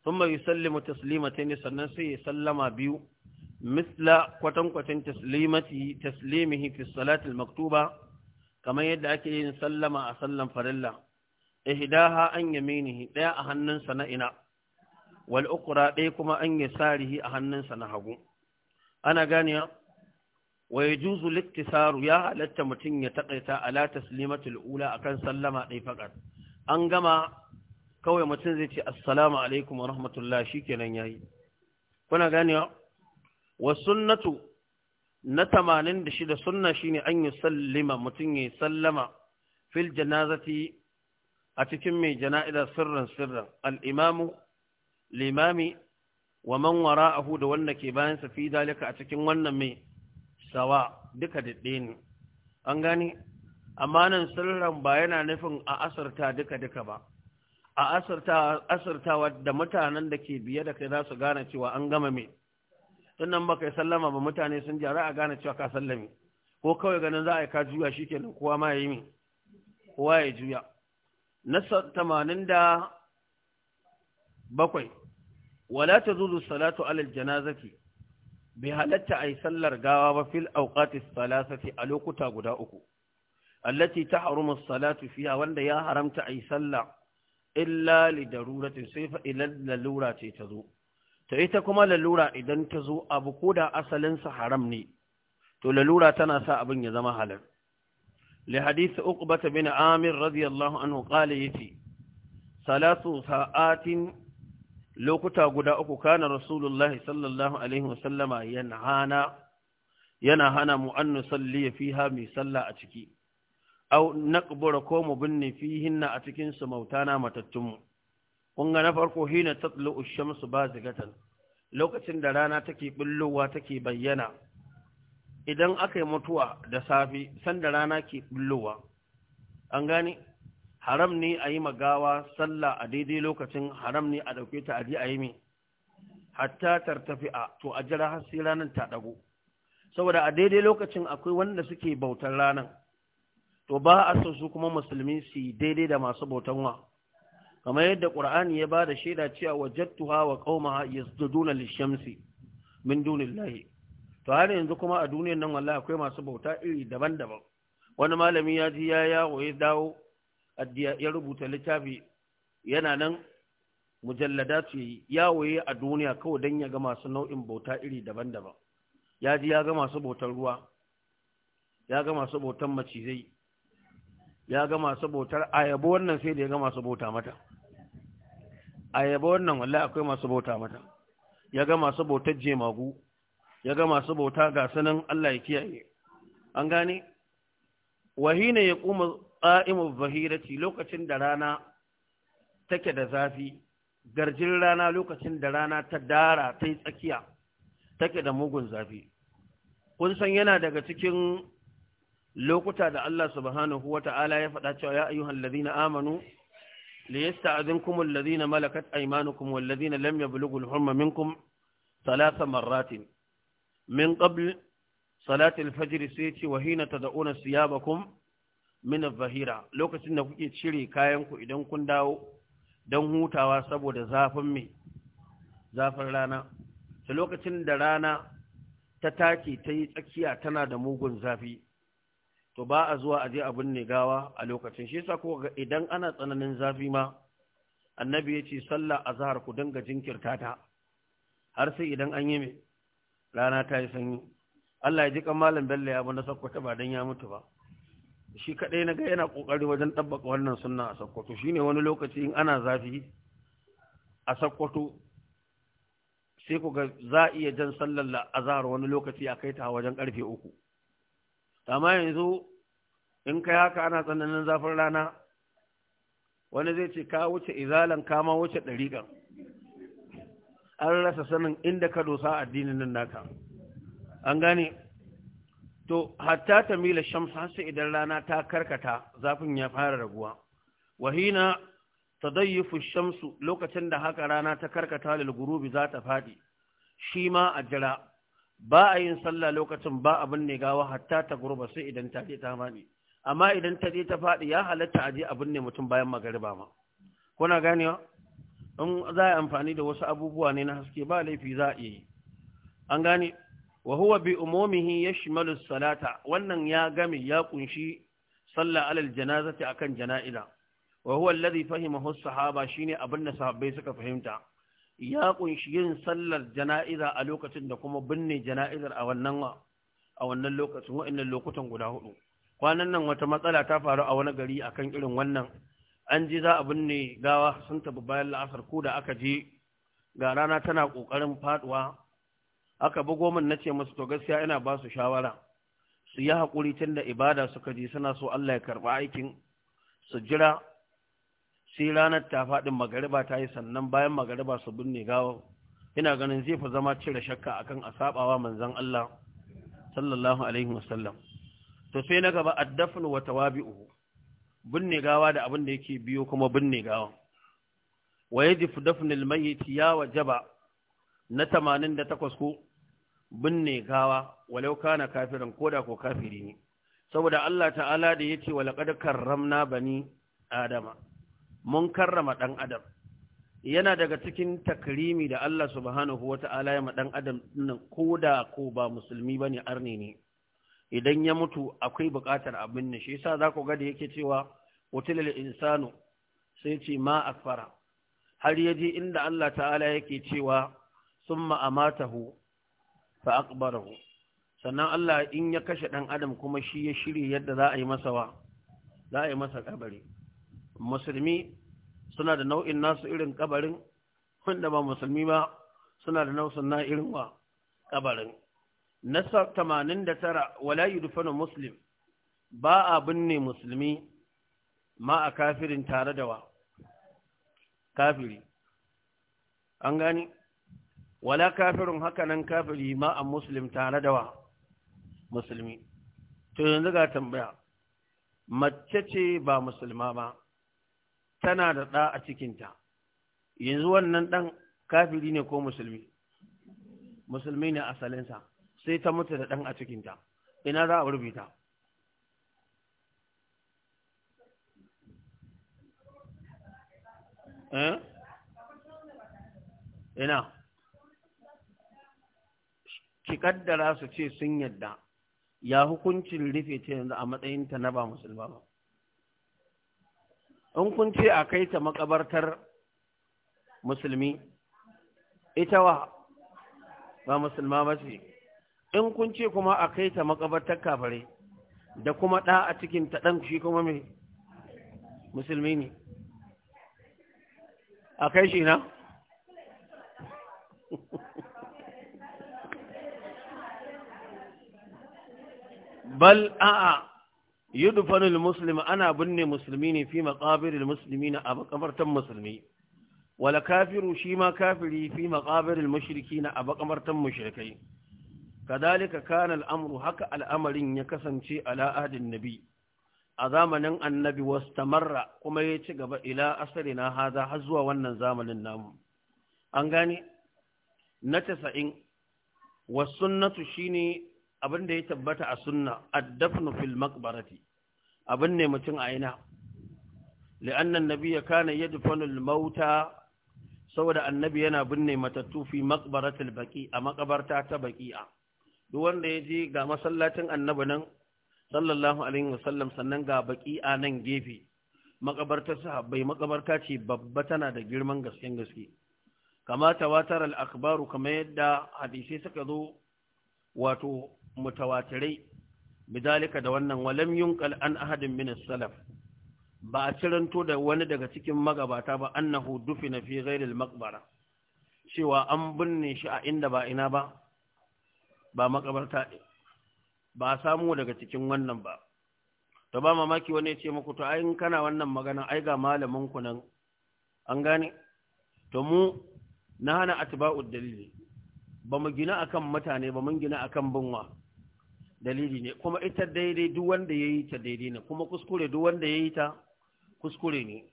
sun mai sallimu taslimata ni sannan sai ya sallama biyu misla kwatankwacin taslimihi fi salatul maktuba kamar yadda ake yin sallama a sallar farilla ihdaha an yaminihi daya a hannunsa na ina wal ukra daya kuma an yasarihi a hannunsa na hagu ana gane wa yajuzu liktisaru ya halatta mutum ya takaita ala taslimatul ula akan sallama dai fakat an gama kawai mutum zai ce assalamu alaikum wa rahmatullah shikenan yayi kuna gane wa sunnatu na 86 sunna shine an yusallima mutum ya sallama fil janazati a cikin mai jana'izar sirrin sirrin al'imamu limami wa man a da wanda ke bayan safi fi dalika a cikin wannan mai sawa duka daɗe ne an gani amma nan sirran ba yana nufin a asarta duka duka ba a asarta da mutanen da ke biye da kai za su gane cewa an gama mai sannan ba kai sallama ba mutane sun jara a gane cewa ka sallame ko kawai ganin za a yi ka juya shi kenan kowa ma ya yi kowa ya juya na tamanin da bakwai wala ta zuzu salatu alal janazati bai halatta a yi sallar gawa ba fil auqatis salasati a lokuta guda uku allati ta harumu salatu fiya wanda ya haramta a yi sallah illa li daruratin sai fa ilal lalura ce ta zo yi ta kuma lalura idan ta zo abu ko da asalinsa haram ne to lalura tana sa abin ya zama halar. لحديث أقبة بن عامر رضي الله عنه قال يتي ثلاث ساعات lokuta guda uku kana rasulullahi sallallahu yana hana mu an nusalli mai sallah a ciki au naqbura ko mu binne fihinna a cikin su mautana matattun mu kun na farko hina tatlu ash-shamsu bazigatan lokacin da rana take billowa take bayyana idan aka yi mutuwa da safe sanda rana ke bullowa an gane haram ne a yi magawa sallah a daidai lokacin haram ne a ɗauke ta aji a yi mai hatta tartafi a to a jira har sai ranar ta ɗago saboda a daidai lokacin akwai wanda suke bautar ranar to ba a so su kuma musulmi su daidai da masu bautan wa kamar yadda ƙur'ani ya ba da shaida cewa wajattuha wa qaumaha yasjuduna lishamsi min dunillahi to har yanzu kuma a duniyar nan wallahi akwai masu bauta iri daban-daban wani malami ya ji ya yawo ya dawo ya rubuta littafi yana nan mujallada ce yawo ya a duniya kawai don ya ga masu nau'in bauta iri daban-daban ya ji ya ga masu bautar ruwa ya ga masu bautar macizai ya ga masu bautar ayaba wannan sai da ya ga masu bauta mata ayaba wannan wallahi akwai masu bauta mata ya ga masu bautar jemagu ya ga masu bauta ga sanan Allah ya kiyaye an gane wahina ya kuma tsa'imu zahirati lokacin da rana take da zafi garjin rana lokacin da rana ta dara ta yi tsakiya take da mugun zafi kun san yana daga cikin lokuta da Allah subhanahu wa ta'ala ya faɗa cewa ya ayyuhan ladina amanu ليستأذنكم الذين ملكت أيمانكم والذين لم يبلغوا الحرم منكم ثلاث Marratin. min qabl salatul fajr sai ce wa hina tad'una siyabakum min adh-dhahira lokacin da kuke cire kayan ku idan kun dawo dan hutawa saboda zafin me zafin rana da lokacin da rana ta take ta yi tsakiya tana da mugun zafi to ba a zuwa a je abin ne gawa a lokacin shi yasa kuka ga idan ana tsananin zafi ma annabi ya ce sallah azhar ku dinga jinkirta ta har sai idan an yi mai rana ta yi sanyi Allah ya ji kan malam Bello ya bana Sokoto ba dan ya mutu ba shi kadai ga yana kokari wajen tabbaka wannan sunna a Sokoto shine wani lokaci in ana zafi a Sokoto sai ku ga za iya jan sallar azhar wani lokaci a kai ta wajen karfe uku amma yanzu in kai haka ana tsananin zafin rana wani zai ce ka wuce izalan kama wuce ɗariƙan an rasa sanin inda ka dosa addinin nan naka an gane to hatta ta mila shamsu har idan rana ta karkata zafin ya fara raguwa wahina tadayyufu shamsu lokacin da haka rana ta karkata lil gurubi za ta fadi shi ma a jira ba a yin sallah lokacin ba abin ne gawa hatta ta gurba sai idan ta je ta fadi amma idan ta je ta faɗi, ya halatta a je abin ne mutum bayan magariba ma kuna ganewa in za a amfani da wasu abubuwa ne na haske ba laifi za a yi an gane wa huwa bi umumihi yashmalu salata wannan ya game ya kunshi sallah alal janazati akan jana'iza wa huwa alladhi fahimahu sahaba shine abinda sahabbai suka fahimta ya kunshi yin sallar jana'iza a lokacin da kuma binne jana'izar a wannan a wannan lokacin wa'annan lokutan guda hudu kwanan nan wata matsala ta faru a wani gari akan irin wannan an ji za a binne gawa sun tafi bayan la'asar ko da aka je ga rana tana ƙoƙarin faɗuwa aka bugo min na ce masu to gaskiya ina ba su shawara su yi haƙuri tun da ibada suka je suna so Allah ya karɓi aikin su jira sai ranar ta faɗin magariba ta yi sannan bayan magariba su binne gawa ina ganin zai fi zama cire shakka akan a asabawa manzon Allah sallallahu alaihi wasallam to sai na gaba addafin wa tawabi'u binne gawa da abin da yake biyo kuma binne gawa wa yajibu dafnul mayyit ya wajaba na 88 ko binne gawa walau kana kafirin koda ko kafiri ne saboda Allah ta'ala da ya ce wa laqad karramna bani adama mun karrama ɗan adam yana daga cikin takrimi da Allah subhanahu wata'ala ya ma dan adam ko da ko ba musulmi bane arne ne idan ya mutu akwai buƙatar abin ne shi yasa za ku ga da yake cewa utilil insanu sai ce ma akfara har ya je inda Allah ta'ala yake cewa summa amatahu fa akbarahu sannan Allah in ya kashe ɗan adam kuma shi ya shirya yadda za a yi masa wa za a yi masa kabari musulmi suna da nau'in nasu irin kabarin wanda ba musulmi ba suna da nau'in na irin wa kabarin na 89 wala yudfanu muslim ba a binne musulmi ma a kafirin tare da wa kafiri an gani wala kafirin hakanan kafiri ma a tare da wa musulmi to yanzu ga tambaya mace ce ba musulma ba tana da ɗa a cikinta yanzu wannan ɗan kafiri ne ko musulmi musulmi ne asalinsa sai ta mutu da ɗan a cikinta ina za a rubuta eh? ina ki ƙaddara su ce sun yadda ya hukuncin rufe ce yanzu a matsayinta na ba musulma ba in kun ce a kai ta makabartar musulmi ita wa ba musulma ba ce in kun ce kuma a kai ta makabartar kafare da kuma ɗa a cikin ta ɗan shi kuma mai musulmi ne a kai shi na bal a'a dufanin musulmi ana binne musulmi ne fi musulmi na a makabartar musulmi wala kafiru shi ma kafiri fi mashirki na a makabartar mashirkai kadhalika kana al'amru haka al'amarin ya kasance a ahdin nabi a zamanin annabi tamarra kuma ya ci gaba ila asari na haza har zuwa wannan zamanin namu an gane na tasa'in wasunnatu shine abin da ya tabbata a sunna addafnu fil maqbarati abin ne mutum a ina li'anna annabiyya kana yadfanu al mauta saboda annabi yana binne matattu fi maqbaratil baqi a makabarta ta a. duk wanda ya je ga masallacin annabi nan sallallahu alaihi wasallam sannan ga baki a nan gefe makabartar sahabbai makabarta ce babba tana da girman gasken gaske kama tawatar al-akhbaru kamar yadda Hadisai suka zo wato mutawatirai bidalika da wannan walam yunqal an ahadin min salaf ba a ciranto da wani daga cikin magabata ba annahu dufina fi ghairil maqbara cewa an binne shi a inda ba ina ba ba makabarta ɗin ba a samu daga cikin wannan ba to ba mamaki wani ya ce muku to ayin kana wannan magana ai ga malamin ku nan an gane to mu na hana atba'ud dalili ba mu gina akan mutane ba mun gina akan binwa dalili ne kuma ita daidai duk wanda yayi ta daidai ne kuma kuskure duk wanda yayi ta kuskure ne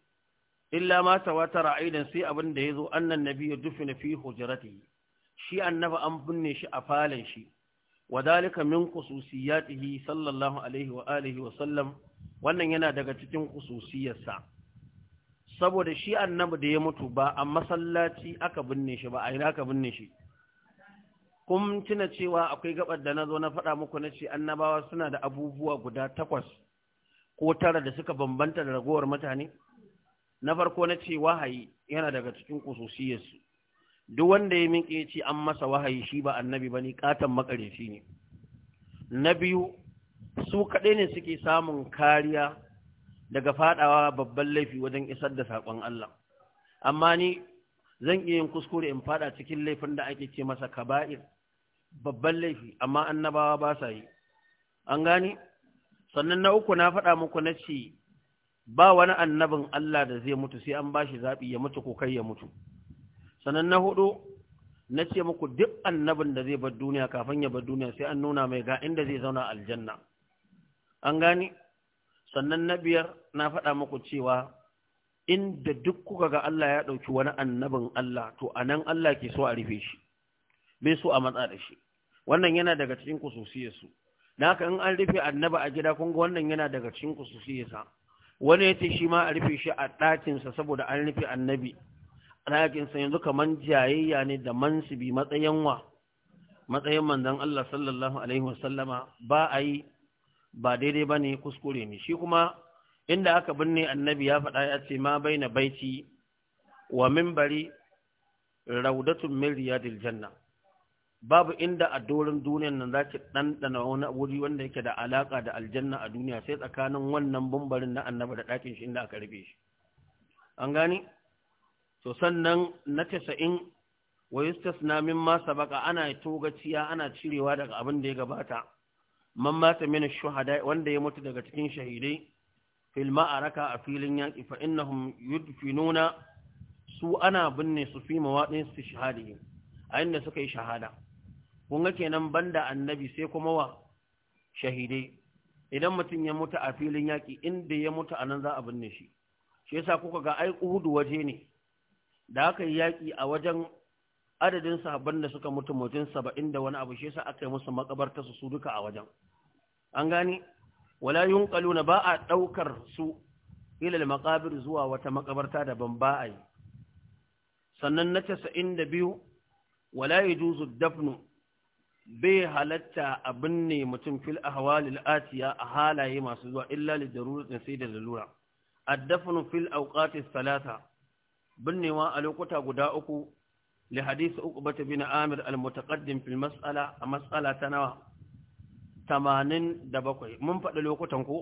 illa ma tawatara aidan sai abin da yazo annan nabiyyu dufina fi hujratihi shi annaba an binne shi a falon shi wadalika min khususiyatihi sallallahu alaihi wa alihi wa sallam wannan yana daga cikin khususiyarsa saboda shi annabi da ya mutu ba a masallaci aka binne shi ba a ina aka binne shi kun tuna cewa akwai gabar da na zo na faɗa muku na ce annabawa suna da abubuwa guda takwas ko tara da suka bambanta da ragowar mutane na farko na ce wahayi yana daga cikin khususiyarsu duk wanda ya minke ya ce an masa wahayi shi ba annabi ba ne katon makareci ne na biyu su kaɗai ne suke samun kariya daga faɗawa babban laifi wajen isar da saƙon Allah amma ni zan iya yin kuskure in faɗa cikin laifin da ake ce masa kaba'ir babban laifi amma annabawa ba sa yi an gani sannan na uku na faɗa muku na ce ba wani annabin Allah da zai mutu sai an ba shi zaɓi ya mutu ko kai ya mutu sannan na hudu na ce muku duk annabin da zai bar duniya kafin ya bar duniya sai an nuna mai ga inda zai zauna aljanna an gani sannan na biyar na faɗa muku cewa inda duk kuka ga Allah ya ɗauki wani annabin Allah to a nan Allah ke so a rufe shi bai so a matsa da shi wannan yana daga cikin kususiyarsu na haka in an rufe annaba a gida kun ga wannan yana daga cikin kususiyarsa wani ya ce shi ma a rufe shi a ɗakinsa saboda an rufe annabi alhakin sa yanzu kaman jayayya ne da bi matsayin wa matsayin manzon Allah sallallahu alaihi wasallama ba a yi ba daidai ba ne kuskure ne shi kuma inda aka binne annabi ya faɗa ya ce ma bai na baiti wa mimbari raudatun min riyadil janna babu inda a doron duniyan nan za ki ɗanɗana wani wuri wanda yake da alaƙa da aljanna a duniya sai tsakanin wannan bumbarin na annabi da ɗakin shi inda aka rufe shi an gani to sannan na tasa'in wa yustasna mimma sabaqa ana togaciya ana cirewa daga abin da ya gabata man mata min shuhada wanda ya mutu daga cikin shahidai fil ma'araka a filin yaƙi fa innahum yudfinuna su ana binne su fi mawaɗin su shahadi a inda suka yi shahada kun ga kenan banda annabi sai kuma wa shahidai idan mutum ya mutu a filin yaƙi inda ya mutu anan za a binne shi shi yasa kuka ga ai uhudu waje ne da aka yi yaƙi a wajen adadin sahabban da suka mutu mutum saba'in da wani abu shi yasa aka yi musu makabarta su duka a wajen an gani wala kaluna ba a ɗaukar su ilal al zuwa wata makabarta daban ba a yi sannan na casa'in da biyu, wala yajuzu dafnu bai halatta a binne mutum fil ahwalil atiya a halaye masu zuwa illa li sai da lalura A dafnu fil awqatis talata binnewa a lokuta guda uku li hadisi uqbata bin amir al-mutaqaddim fil mas'ala a mas'ala ta nawa 87 mun faɗi lokutan ko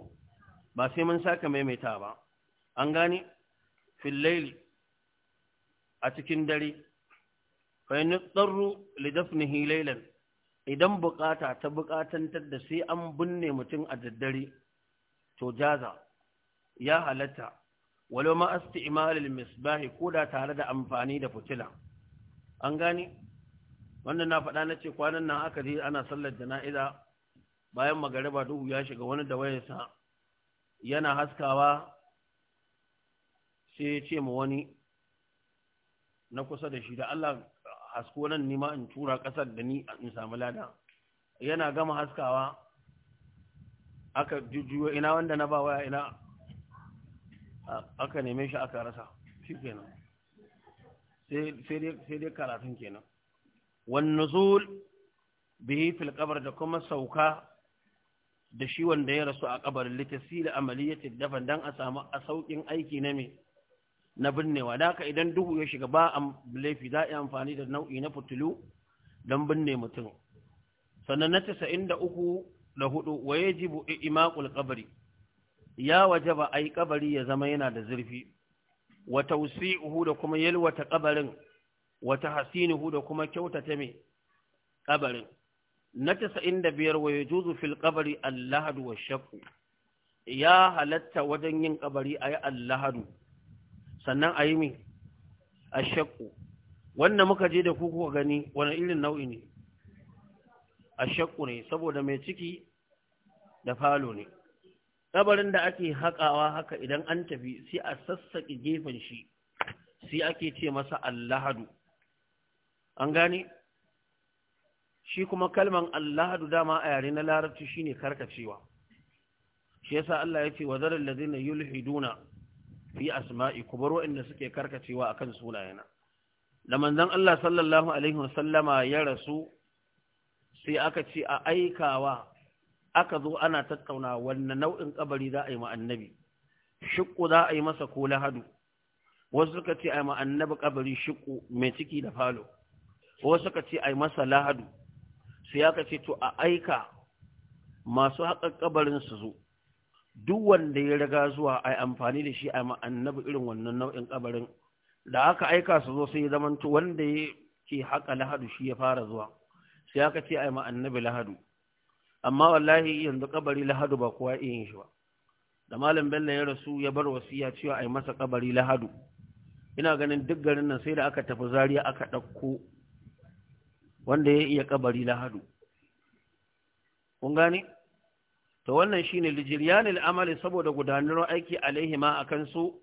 ba sai mun saka maimaita ba an gane fil laili a cikin dare fa yanqarru li dafnihi laylan idan bukata ta bukatantar da sai an binne mutum a daddare to jaza ya halatta walau ma imalil misbahi ko da tare da amfani da fitila an gani wannan na faɗa na ce kwanan nan aka je ana sallar jana'iza bayan magariba duhu ya shiga wani da wayarsa yana haskawa sai ya ce ma wani na kusa da shi da Allah hasko nan nima in tura ƙasar da ni in samu lada yana gama haskawa aka jujjuyo ina wanda na ba waya ina aka neme shi aka rasa shi kenan sai dai karatun kenan wannan zuul bihi fil kabar da kuma sauka da shi wanda ya rasu a kabarin litasila amaliyatin dafan dan a samu a saukin aiki na na binnewa da idan duhu ya shiga ba a laifi za a yi amfani da nau'i na fitilu don binne mutum sannan na 93 da uku da hudu wa ji ya waje ba a yi ƙabari ya zama yana da zurfi wa uhu da kuma yalwata kabarin wa uhu da kuma kyautata mai kabarin na biyar wa yajuzu fil ƙabari Allahadu wa wash ya halatta wajen yin kabari a yi Allahadu sannan a yi mi A shakku. wannan muka je da kuku kuka gani wani irin nau'i ne A shakku ne saboda mai ciki da falo ne kabarin da ake haƙawa haka idan an tafi sai a sassaƙi gefen shi sai ake ce masa allahadu an gane shi kuma kalman allahadu dama a yare na larabci shine karkacewa shi yasa Allah ya ce wa zarar ladina yulhiduna fi asma'i bar waɗanda suke karkacewa akan sunayena da manzon Allah sallallahu alaihi wasallama ya rasu sai aka ce a aikawa aka zo ana tattauna wanne nau'in kabari za a yi ma annabi shiƙo za a yi masa ko lahadu wasu suka ce a yi ma annabi kabari shiƙo mai ciki da falo wasu suka ce a yi masa lahadu su ya ce to a aika masu haƙa kabarin su zo duk wanda ya riga zuwa a yi amfani da shi a yi ma annabi irin wannan nau'in kabarin da aka aika su zo sai ya zamanto wanda ya ke haƙa lahadu shi ya fara zuwa sai aka ce a yi ma annabi lahadu amma wallahi yanzu kabari lahadu ba kowa iya yin shi ba da malam bello ya rasu ya bar wasiya cewa a masa kabari lahadu ina ganin duk garin nan sai da aka tafi zariya aka ɗauko wanda ya iya kabari lahadu kun gane to wannan shine lijiryanil amali saboda gudanar aiki alaihi ma akan su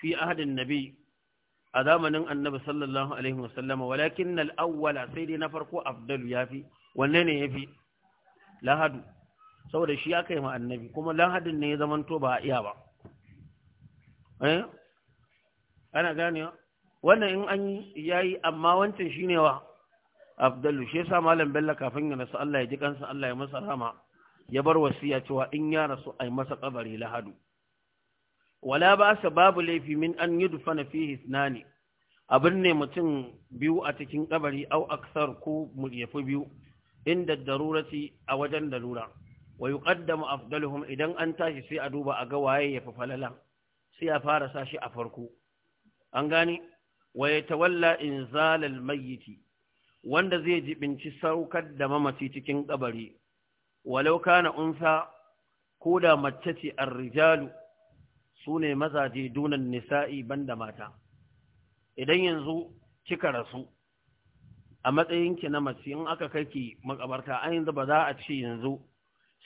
fi ahadin nabi a zamanin annabi sallallahu alaihi wasallama walakin al-awwala sai dai na farko afdal yafi wanne ne yafi lahadu saboda shi aka yi ma annabi kuma lahadin ne ya zamanto ba a iya ba eh ana ganewa wannan in an yayi amma wancan shine wa afdalu shi yasa malam bello kafin ya rasu Allah ya ji kansa Allah ya masa rahama ya bar wasiya cewa in ya rasu ai masa kabari lahadu wala ba sa babu laifi min an yudfana fihi ithnani abin ne mutum biyu a cikin kabari au aksar ko yafi biyu In inda darurati a wajen darura wa yuqaddamu afdaluhum idan an tashi sai a duba a ga waye ya falala sai a fara sashi a farko an gane wa yatawalla inzalal mayyiti wanda zai jibinci saukar da mamaci cikin kabari Walauka na unsa ko da mace ce a rijalu sune mazaje dunan nisa'i banda mata idan yanzu kika rasu a matsayinki na mace in aka kai ki makabarta an yanzu ba za a ce yanzu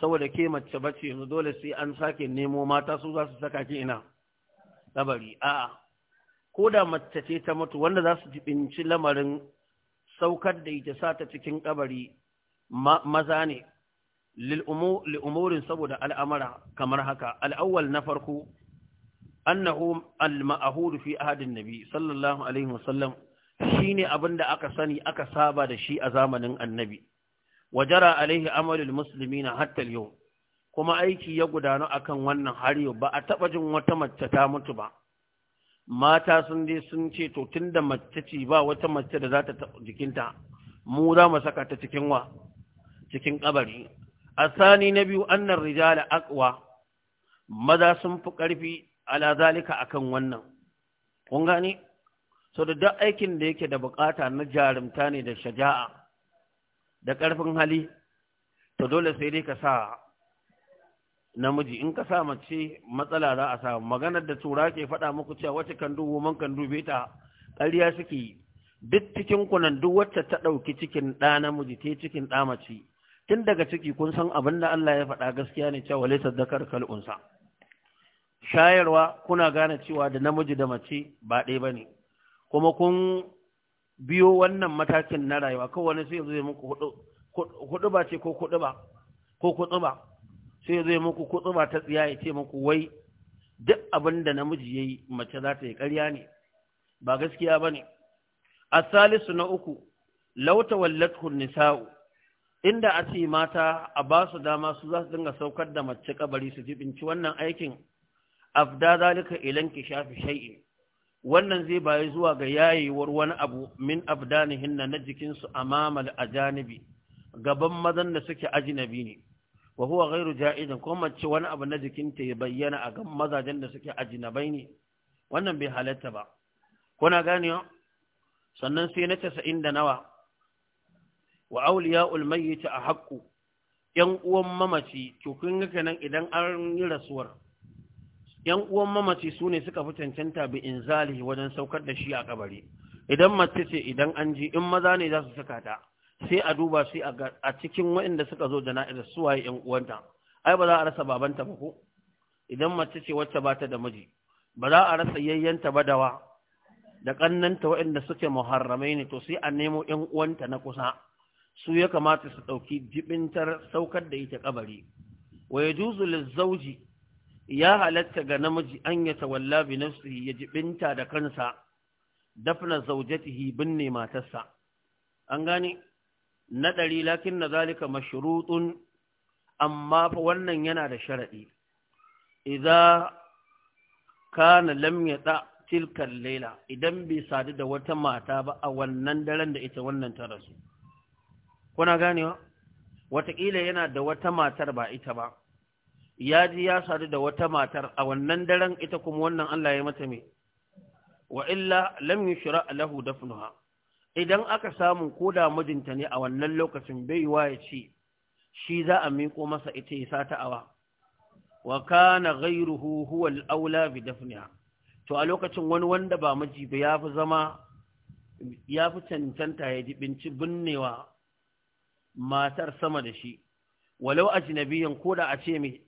saboda ke mace ba ce yanzu dole sai an sake nemo mata su za su saka ki ina labari a'a ko da mace ce ta mutu wanda za su jibinci lamarin saukar da ita sa ta cikin kabari maza ne lil'umurin saboda al'amara kamar haka al'awwal na farko annahu al mahud fi ahadin nabi sallallahu alaihi wasallam Shi ne abin da aka sani aka saba da shi a zamanin annabi wajara alaihi amalul na hattal yau kuma aiki ya gudanu kan wannan har yau ba a taɓa jin wata mace ta mutu ba mata sun dai sun ce to tun da mace ce ba wata mace da za ta taɓa jikinta mu za mu saka ta cikin wa cikin kabari sani na biyu annar rijala aqwa maza sun fi ƙarfi ala zalika akan wannan kun gane so da duk aikin da yake da bukata na jarumta ne da shaja'a da ƙarfin hali to dole sai dai ka sa namiji in ka sa mace matsala za a samu maganar da tura ke faɗa muku cewa wace kan dubu man kan dube ta ƙarya suke yi duk cikin kunan duk wacce ta ɗauki cikin ɗa namiji ta cikin ɗa mace tun daga ciki kun san abin da Allah ya faɗa gaskiya ne cewa laisa dakar kal'unsa shayarwa kuna gane cewa da namiji da mace ba ɗaya bane kuma kun biyo wannan matakin na rayuwa kawai wani sai zai muku hudu ba ce ko kudu ba sai zai muku kudu ba ta tsiya ya ce muku wai duk abin da namiji yayi mace za ta yi karya ne ba gaskiya ba ne asalisu na uku lauta wallatun nisa'u inda a ce mata a ba su dama su za su dinga saukar da mace kabari su ji binci wannan aikin afda zalika ilan ki shafi shay'in wannan zai bayi zuwa ga yayewar wani abu min abdanihin na na jikinsu a mamal a janabi. gaban mazan da suke ajinabi ne wa huwa gairu ja'izin ko mace wani abu na jikinta ya bayyana a gan mazajen da suke ajinabai ne wannan bai halatta ba kuna gane sannan sai na casa'in da nawa wa auliya ulmayyita a haƙƙu. ‘yan uwan mamaci to kun nan idan an yi rasuwar yan uwan mamaci su ne suka fi cancanta bi zalihi wajen saukar da shi a kabari idan mace ce idan an ji in maza ne za su saka ta sai a duba sai a cikin waɗanda suka zo jana'iza su waye yan uwanta ai ba za a rasa babanta ba ko idan mace ce wacce ba ta da miji ba za a rasa yayyanta ba dawa da kannanta waɗanda suke muharramai ne to sai a nemo yan uwanta na kusa su ya kamata su ɗauki jibintar saukar da ita kabari wa yajuzu lizauji ya halatta ga namiji an ya tawalla bi nafsihi ya jibinta da kansa dafna zaujatihi binne matarsa an gane na ɗari lakin na zalika mashrutun amma fa wannan yana da sharaɗi idza kana lam yata tilka laila idan bai sadu da wata mata ba a wannan daren da ita wannan ta rasu kuna ganewa wataƙila yana da wata matar ba ita ba ya ji ya sadu da wata matar a wannan daren ita kuma wannan Allah ya mata mai wa illa lam yushra lahu dafnuha idan aka samu ko da mijinta ne a wannan lokacin bai wa ya ce shi za a miƙo masa ita ya ta awa wa kana ghayruhu huwa al-aula bi dafniha to a lokacin wani wanda ba miji ba ya fi zama ya fi cancanta ya jibinci binnewa matar sama da shi walau ajnabiyan ko da a ce mai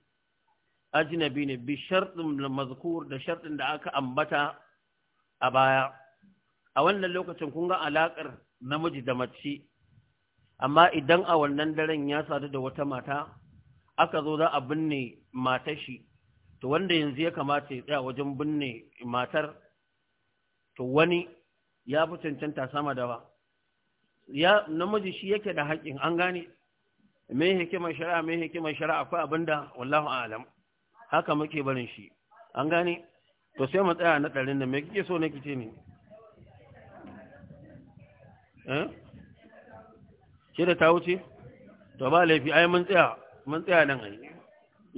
ajnabi ne bi shartin mazkur da sharɗin da aka ambata a baya a wannan lokacin kun ga alakar namiji da mace amma idan a wannan daren ya sadu da wata mata aka zo za a binne matar shi to wanda yanzu ya kamata ya tsaya wajen binne matar to wani ya fi cancanta sama da ba ya namiji shi yake da haƙƙin an gane mai hikimar shari'a mai hikimar shari'a akwai abinda wallahu a'lam haka muke barin shi an gane to sai mu tsaya na ɗarin da mai kike so na kice ne eh? ke da ta wuce to ba laifi ai mun tsaya mun tsaya nan ai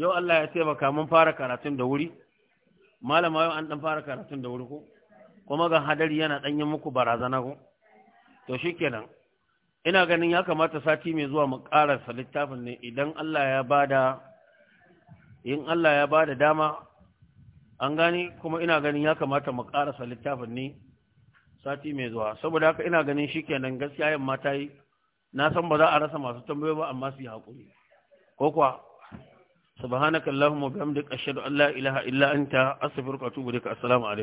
yau Allah ya taimaka mun fara karatun da wuri malama yau an dan fara karatun da wuri ko kuma ga hadari yana dan yin muku barazana ko to shikenan ina ganin ya kamata sati mai zuwa mu karasa littafin ne idan Allah ya bada in Allah ya bada dama an gani kuma ina ganin ya kamata mu karasa littafin ne sati mai zuwa saboda haka ina ganin shi kenan gaskiya yamma ta yi na san ba za a rasa masu tambayoyi ba amma su yi haƙuri ko kuwa subhanakallahumma bihamdika ashhadu an la ilaha illa anta astaghfiruka wa atubu ilaik assalamu alaikum